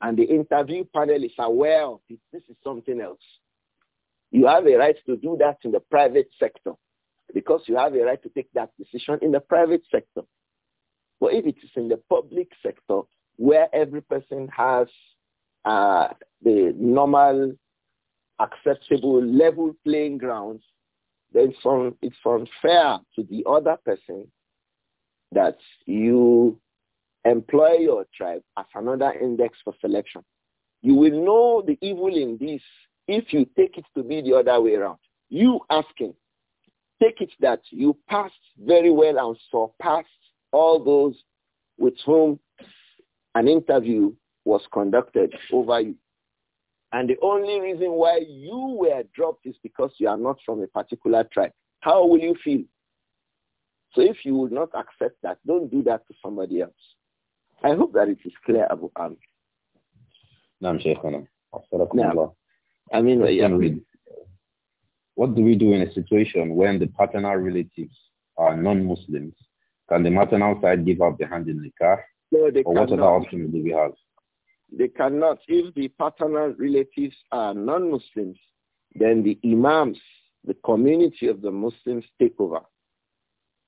and the interview panel is aware of it, this is something else. You have a right to do that in the private sector because you have a right to take that decision in the private sector. But if it is in the public sector where every person has uh, the normal, acceptable, level playing grounds, then from, it's unfair to the other person that you employ your tribe as another index for selection. You will know the evil in this if you take it to be the other way around. You asking, take it that you passed very well and surpassed all those with whom an interview was conducted over you. And the only reason why you were dropped is because you are not from a particular tribe. How will you feel? So if you would not accept that, don't do that to somebody else. I hope that it is clear, Abu Amr. نعم شيخنا. نعم. أمين وإياكم. What do we do in a situation when the paternal relatives are non-Muslims? Can the maternal side give up the hand in the No, they or cannot. what other options do we have? They cannot. If the paternal relatives are non-Muslims, then the imams, the community of the Muslims take over.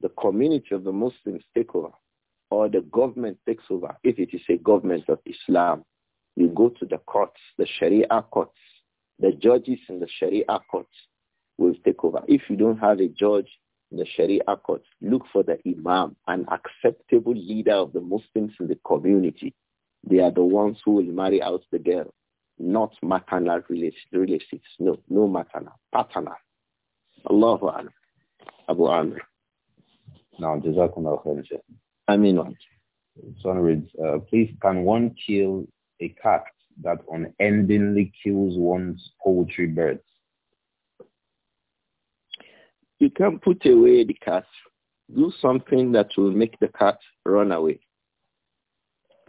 The community of the Muslims take over. Or the government takes over. If it is a government of Islam, you go to the courts, the Sharia courts, the judges in the Sharia courts will take over. If you don't have a judge in the Sharia court, look for the imam, an acceptable leader of the Muslims in the community. They are the ones who will marry out the girl, not maternal relatives. No, no maternal, paternal. Allahu Alam. Abu Amr. Now, Jazakumullah khair, Sheikh. Ameen wa Son reads, uh, please can one kill a cat that unendingly kills one's poultry birds? You can put away the cat. Do something that will make the cat run away.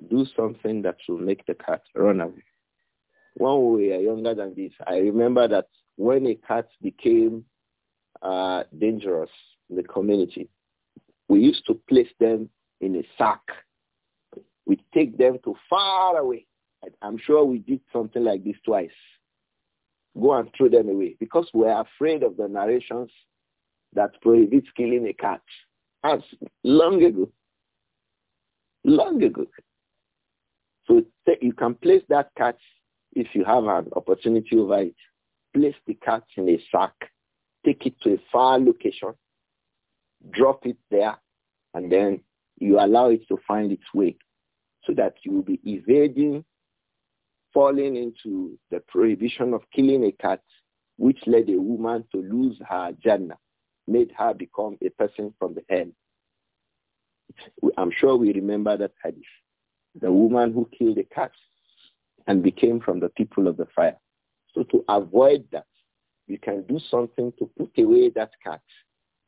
Do something that will make the cat run away. When we were younger than this, I remember that when a cat became uh, dangerous in the community, we used to place them in a sack. We take them to far away. I'm sure we did something like this twice. Go and throw them away because we are afraid of the narrations that prohibits killing a cat. As long ago. Long ago. So you can place that cat if you have an opportunity over it. Place the cat in a sack. Take it to a far location. Drop it there. And then you allow it to find its way so that you will be evading falling into the prohibition of killing a cat, which led a woman to lose her Jannah made her become a person from the end. I'm sure we remember that hadith. The mm-hmm. woman who killed the cat and became from the people of the fire. So to avoid that, you can do something to put away that cat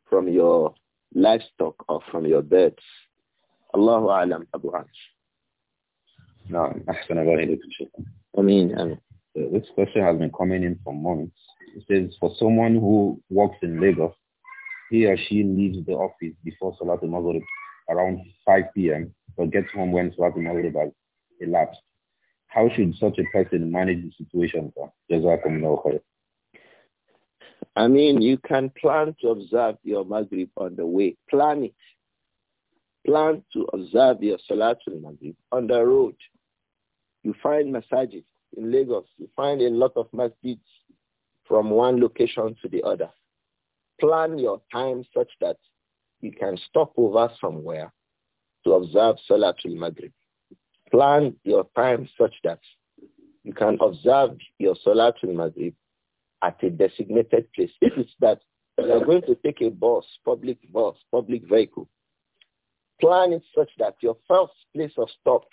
from your livestock or from your birds. Allahu alam Abu No, I mean, I mean, this question has been coming in for months. It says, for someone who works in Lagos he or she leaves the office before Salatul maghrib around 5 p.m. but gets home when Salatul maghrib has elapsed. How should such a person manage the situation? I mean, you can plan to observe your Maghrib on the way. Plan it. Plan to observe your Salatul Maghrib on the road. You find masajid in Lagos. You find a lot of masjids from one location to the other plan your time such that you can stop over somewhere to observe Salatul Maghrib. Plan your time such that you can observe your Salatul Maghrib at a designated place. If it's that you are going to take a bus, public bus, public vehicle, plan it such that your first place of stop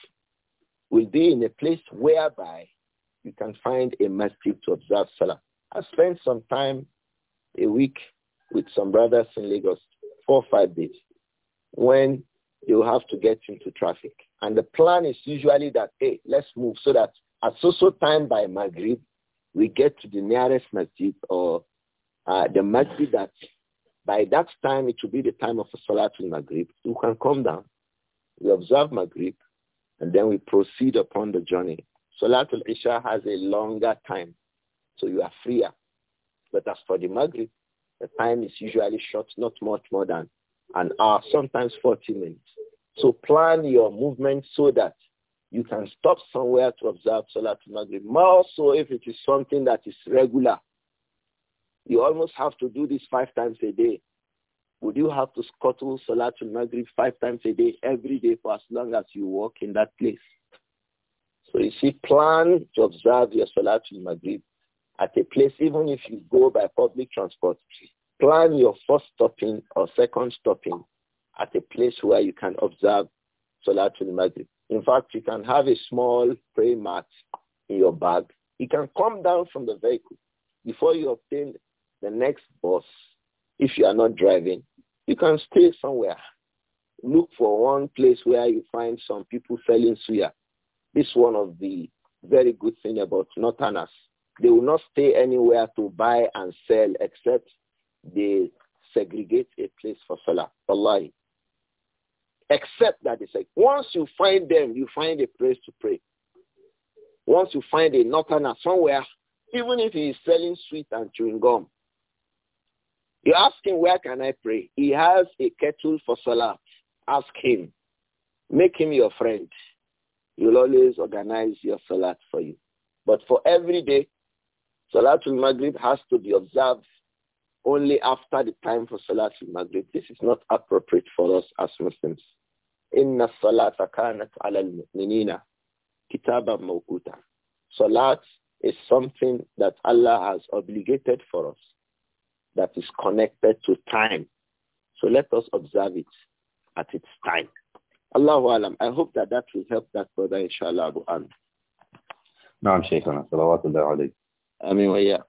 will be in a place whereby you can find a masjid to observe Salah. I spent some time a week with some brothers in Lagos, four five days, when you have to get into traffic. And the plan is usually that, hey, let's move so that at so-so time by Maghrib, we get to the nearest masjid or uh, the masjid that by that time it will be the time of Salatul Maghrib. You can come down, we observe Maghrib, and then we proceed upon the journey. Salatul Isha has a longer time, so you are freer. But as for the Maghrib, the time is usually short, not much more than an hour, sometimes 40 minutes. So plan your movement so that you can stop somewhere to observe to Maghrib. More so if it is something that is regular. You almost have to do this five times a day. Would you have to scuttle Salatul Maghrib five times a day, every day for as long as you work in that place? So you see, plan to observe your Salatul Maghrib at a place, even if you go by public transport, Plan your first stopping or second stopping at a place where you can observe Salatul Maghrib. In fact, you can have a small prayer mat in your bag. You can come down from the vehicle before you obtain the next bus. If you are not driving, you can stay somewhere. Look for one place where you find some people selling suya. This is one of the very good thing about northerners. They will not stay anywhere to buy and sell except they segregate a place for Salah. Wallahi. Except that they say, once you find them, you find a place to pray. Once you find a northerner somewhere, even if he is selling sweet and chewing gum, you ask him, where can I pray? He has a kettle for Salah. Ask him. Make him your friend. he will always organize your Salat for you. But for every day, Salatul Maghrib has to be observed only after the time for Salatul Maghrib. This is not appropriate for us as Muslims. Inna salata kanat ala al-mu'minina kitaban mawquta. Salat is something that Allah has obligated for us that is connected to time. So let us observe it at its time. Allahu Alam. I hope that that will help that brother, inshallah, Abu Amr. نعم شيخنا صلوات الله عليه امين واياك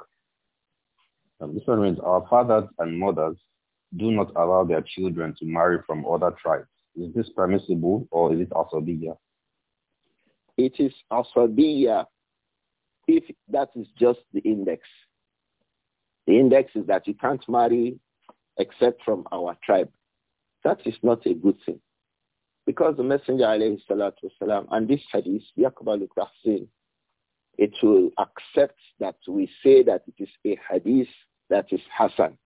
um, this one means our fathers and mothers do not allow their children to marry from other tribes. Is this permissible or is it asabiya? It is asabiya if that is just the index. The index is that you can't marry except from our tribe. That is not a good thing. Because the Messenger alayhi salatu wasalam, and this hadith, al Qasim it will accept that we say that it is a hadith that is Hassan.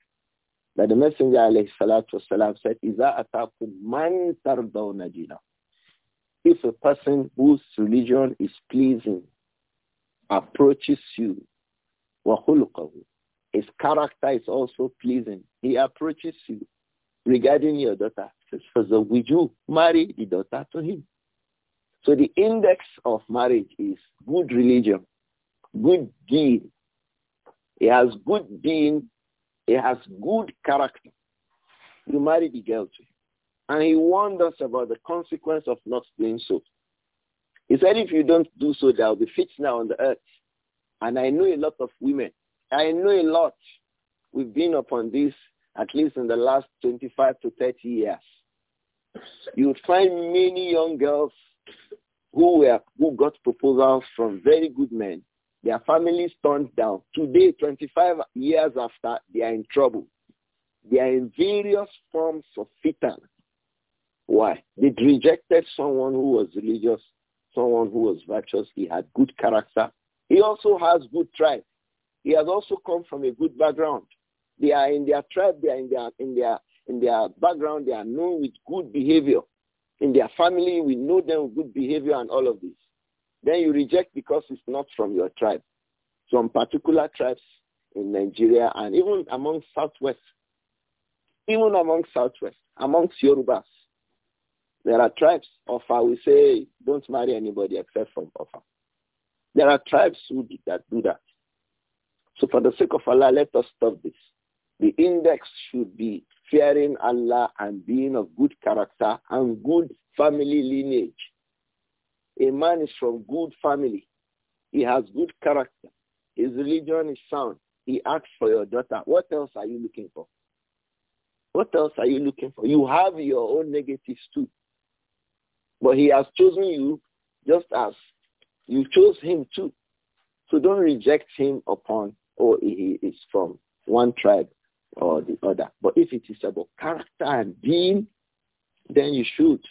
That the Messenger alayhi salatu wasalam said, Iza atakum man tardawna If a person whose religion is pleasing approaches you, wa his character is also pleasing. He approaches you regarding your daughter. Says, for the marry the daughter to him. So the index of marriage is good religion, good deed. It has good being. It has good character. You marry the girl to And he warned us about the consequence of not doing so. He said, if you don't do so, there will be fitna on the earth. And I know a lot of women. I know a lot. We've been upon this at least in the last 25 to 30 years. You will find many young girls who were who got proposals from very good men. Their families turned down. Today, 25 years after, they are in trouble. They are in various forms of fitan. Why? They rejected someone who was religious, someone who was virtuous. He had good character. He also has good tribe. He has also come from a good background. They are in their tribe. They are in their in their in their background. They are known with good behavior in their family, we know them good behavior and all of this. Then you reject because it's not from your tribe. Some particular tribes in Nigeria and even among Southwest, even among Southwest, amongst Yorubas, there are tribes of our, we say, don't marry anybody except from Ofa. There are tribes who that, do that. So for the sake of Allah, let us stop this. The index should be fearing Allah and being of good character and good family lineage. A man is from good family. He has good character. His religion is sound. He asked for your daughter. What else are you looking for? What else are you looking for? You have your own negatives too. But he has chosen you just as you chose him too. So don't reject him upon, oh, he is from one tribe or the other. But if it is about character and being, then you should,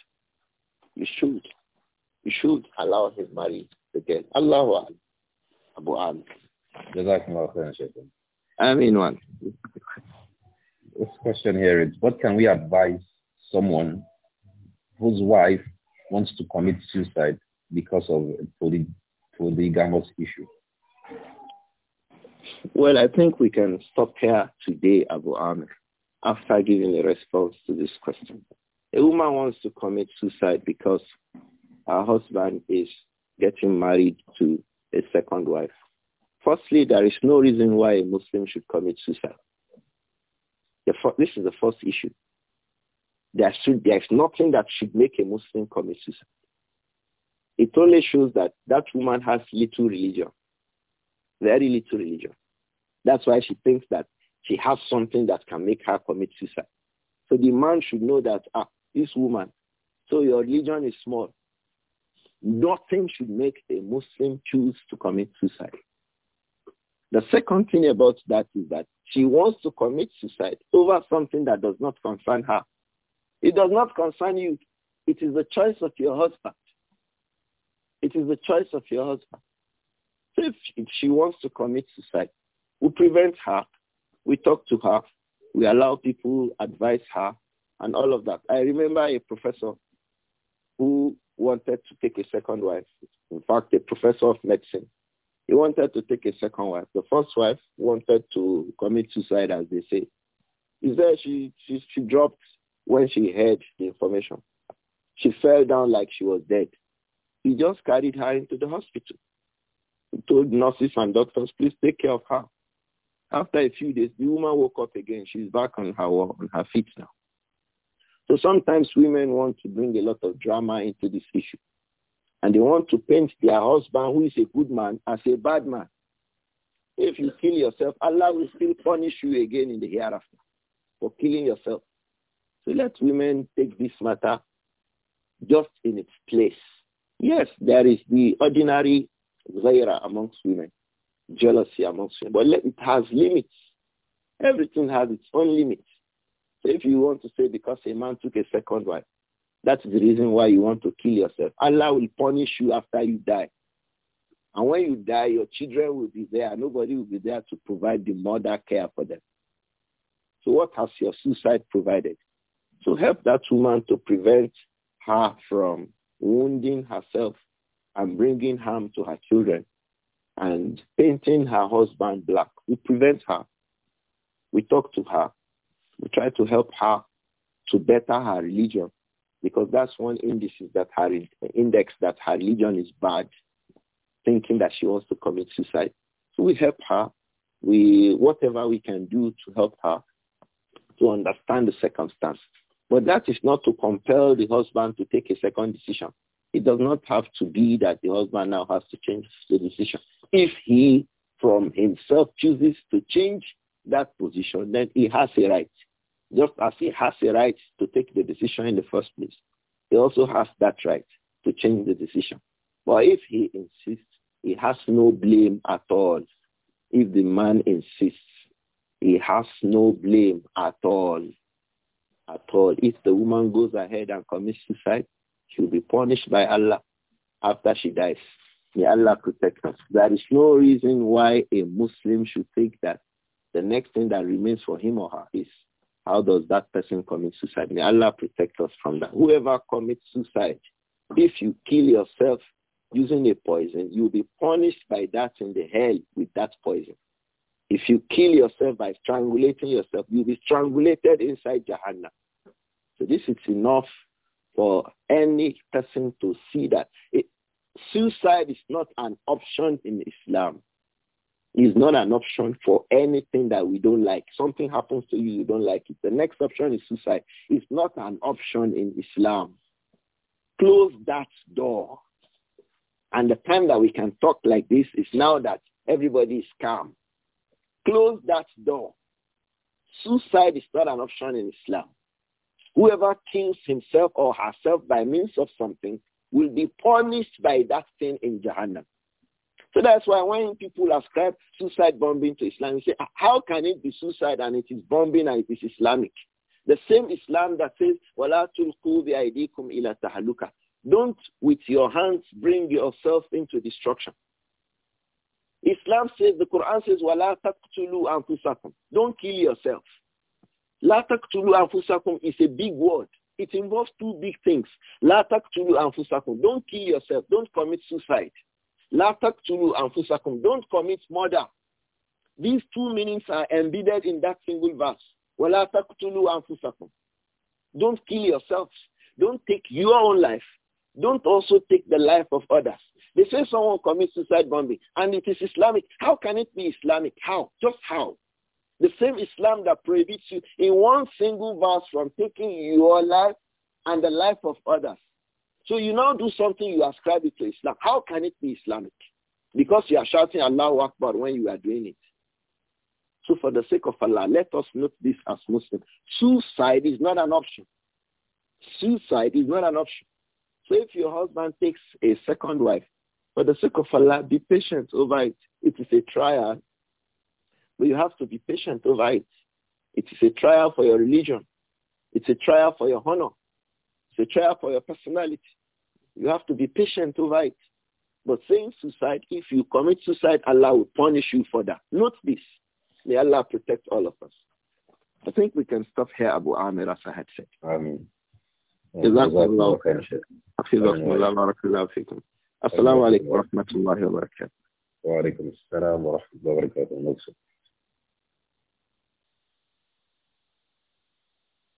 you should, you should allow him marry the girl. Allahu Abu Ali. Jazakumullah khairan, I mean one. This question here is, what can we advise someone whose wife wants to commit suicide because of a polygamous issue? Well, I think we can stop here today, Abu Amir, after giving a response to this question. A woman wants to commit suicide because her husband is getting married to a second wife. Firstly, there is no reason why a Muslim should commit suicide. this is the first issue. There, should, there is nothing that should make a Muslim commit suicide. It only shows that that woman has little religion, very little religion. That's why she thinks that she has something that can make her commit suicide. So the man should know that, ah, this woman, so your religion is small. Nothing should make a Muslim choose to commit suicide. The second thing about that is that she wants to commit suicide over something that does not concern her. It does not concern you. It is the choice of your husband. It is the choice of your husband. If if she wants to commit suicide, we prevent her. We talk to her. We allow people advise her and all of that. I remember a professor who wanted to take a second wife. In fact, a professor of medicine. He wanted to take a second wife. The first wife wanted to commit suicide, as they say. He said she, she, she dropped when she heard the information. She fell down like she was dead. He just carried her into the hospital. He told nurses and doctors, please take care of her. After a few days, the woman woke up again. She's back on her on her feet now. So sometimes women want to bring a lot of drama into this issue. And they want to paint their husband, who is a good man, as a bad man. If you kill yourself, Allah will still punish you again in the hereafter for killing yourself. So let women take this matter just in its place. Yes, there is the ordinary zaira amongst women jealousy amongst you. But it has limits. Everything has its own limits. So if you want to say because a man took a second wife, that's the reason why you want to kill yourself. Allah will punish you after you die. And when you die, your children will be there. Nobody will be there to provide the mother care for them. So what has your suicide provided? To help that woman to prevent her from wounding herself and bringing harm to her children and painting her husband black. We prevent her. We talk to her. We try to help her to better her religion because that's one index that her index that her religion is bad, thinking that she wants to commit suicide. So we help her. We whatever we can do to help her to understand the circumstance. But that is not to compel the husband to take a second decision. It does not have to be that the husband now has to change the decision. If he from himself chooses to change that position, then he has a right. Just as he has a right to take the decision in the first place, he also has that right to change the decision. But if he insists, he has no blame at all. If the man insists, he has no blame at all. At all. If the woman goes ahead and commits suicide, she'll be punished by Allah after she dies. May Allah protect us. There is no reason why a Muslim should think that the next thing that remains for him or her is how does that person commit suicide? May Allah protect us from that. Whoever commits suicide, if you kill yourself using a poison, you'll be punished by that in the hell with that poison. If you kill yourself by strangulating yourself, you'll be strangulated inside Jahannam. So this is enough for any person to see that. It, Suicide is not an option in Islam. It's not an option for anything that we don't like. Something happens to you, you don't like it. The next option is suicide. It's not an option in Islam. Close that door. And the time that we can talk like this is now that everybody is calm. Close that door. Suicide is not an option in Islam. Whoever kills himself or herself by means of something will be punished by that sin in Jahannam. So that's why when people ascribe suicide bombing to Islam, you say, ah, how can it be suicide and it is bombing and it is Islamic? The same Islam that says, وَلَا تُلْقُوا ila إِلَى تَحَلُّكَ Don't with your hands bring yourself into destruction. Islam says, the Quran says, وَلَا تَقْتُلُوا أَنفُسَكُمْ Don't kill yourself. لَا تَقْتُلُوا أَنفُسَكُمْ is a big word. It involves two big things. La taqtulu anfusakum. Don't kill yourself. Don't commit suicide. La taqtulu anfusakum. Don't commit murder. These two meanings are embedded in that single verse. Wala taqtulu anfusakum. Don't kill yourselves. Don't take your own life. Don't also take the life of others. They say someone commits suicide bombing and it is Islamic. How can it be Islamic? How? Just how? The same Islam that prohibits you in one single verse from taking your life and the life of others. So you now do something, you ascribe it to Islam. How can it be Islamic? Because you are shouting Allah Akbar when you are doing it. So for the sake of Allah, let us note this as Muslims. Suicide is not an option. Suicide is not an option. So if your husband takes a second wife, for the sake of Allah, be patient over it. It is a trial but you have to be patient over it. It is a trial for your religion. It's a trial for your honor. It's a trial for your personality. You have to be patient over it. But saying suicide, if you commit suicide, Allah will punish you for that. Note this. May Allah protect all of us. I think we can stop here, Abu Amir, as I had said. Assalamu alaikum wa rahmatullahi wa barakatuh. Wa alaikum assalam wa rahmatullahi wa barakatuh.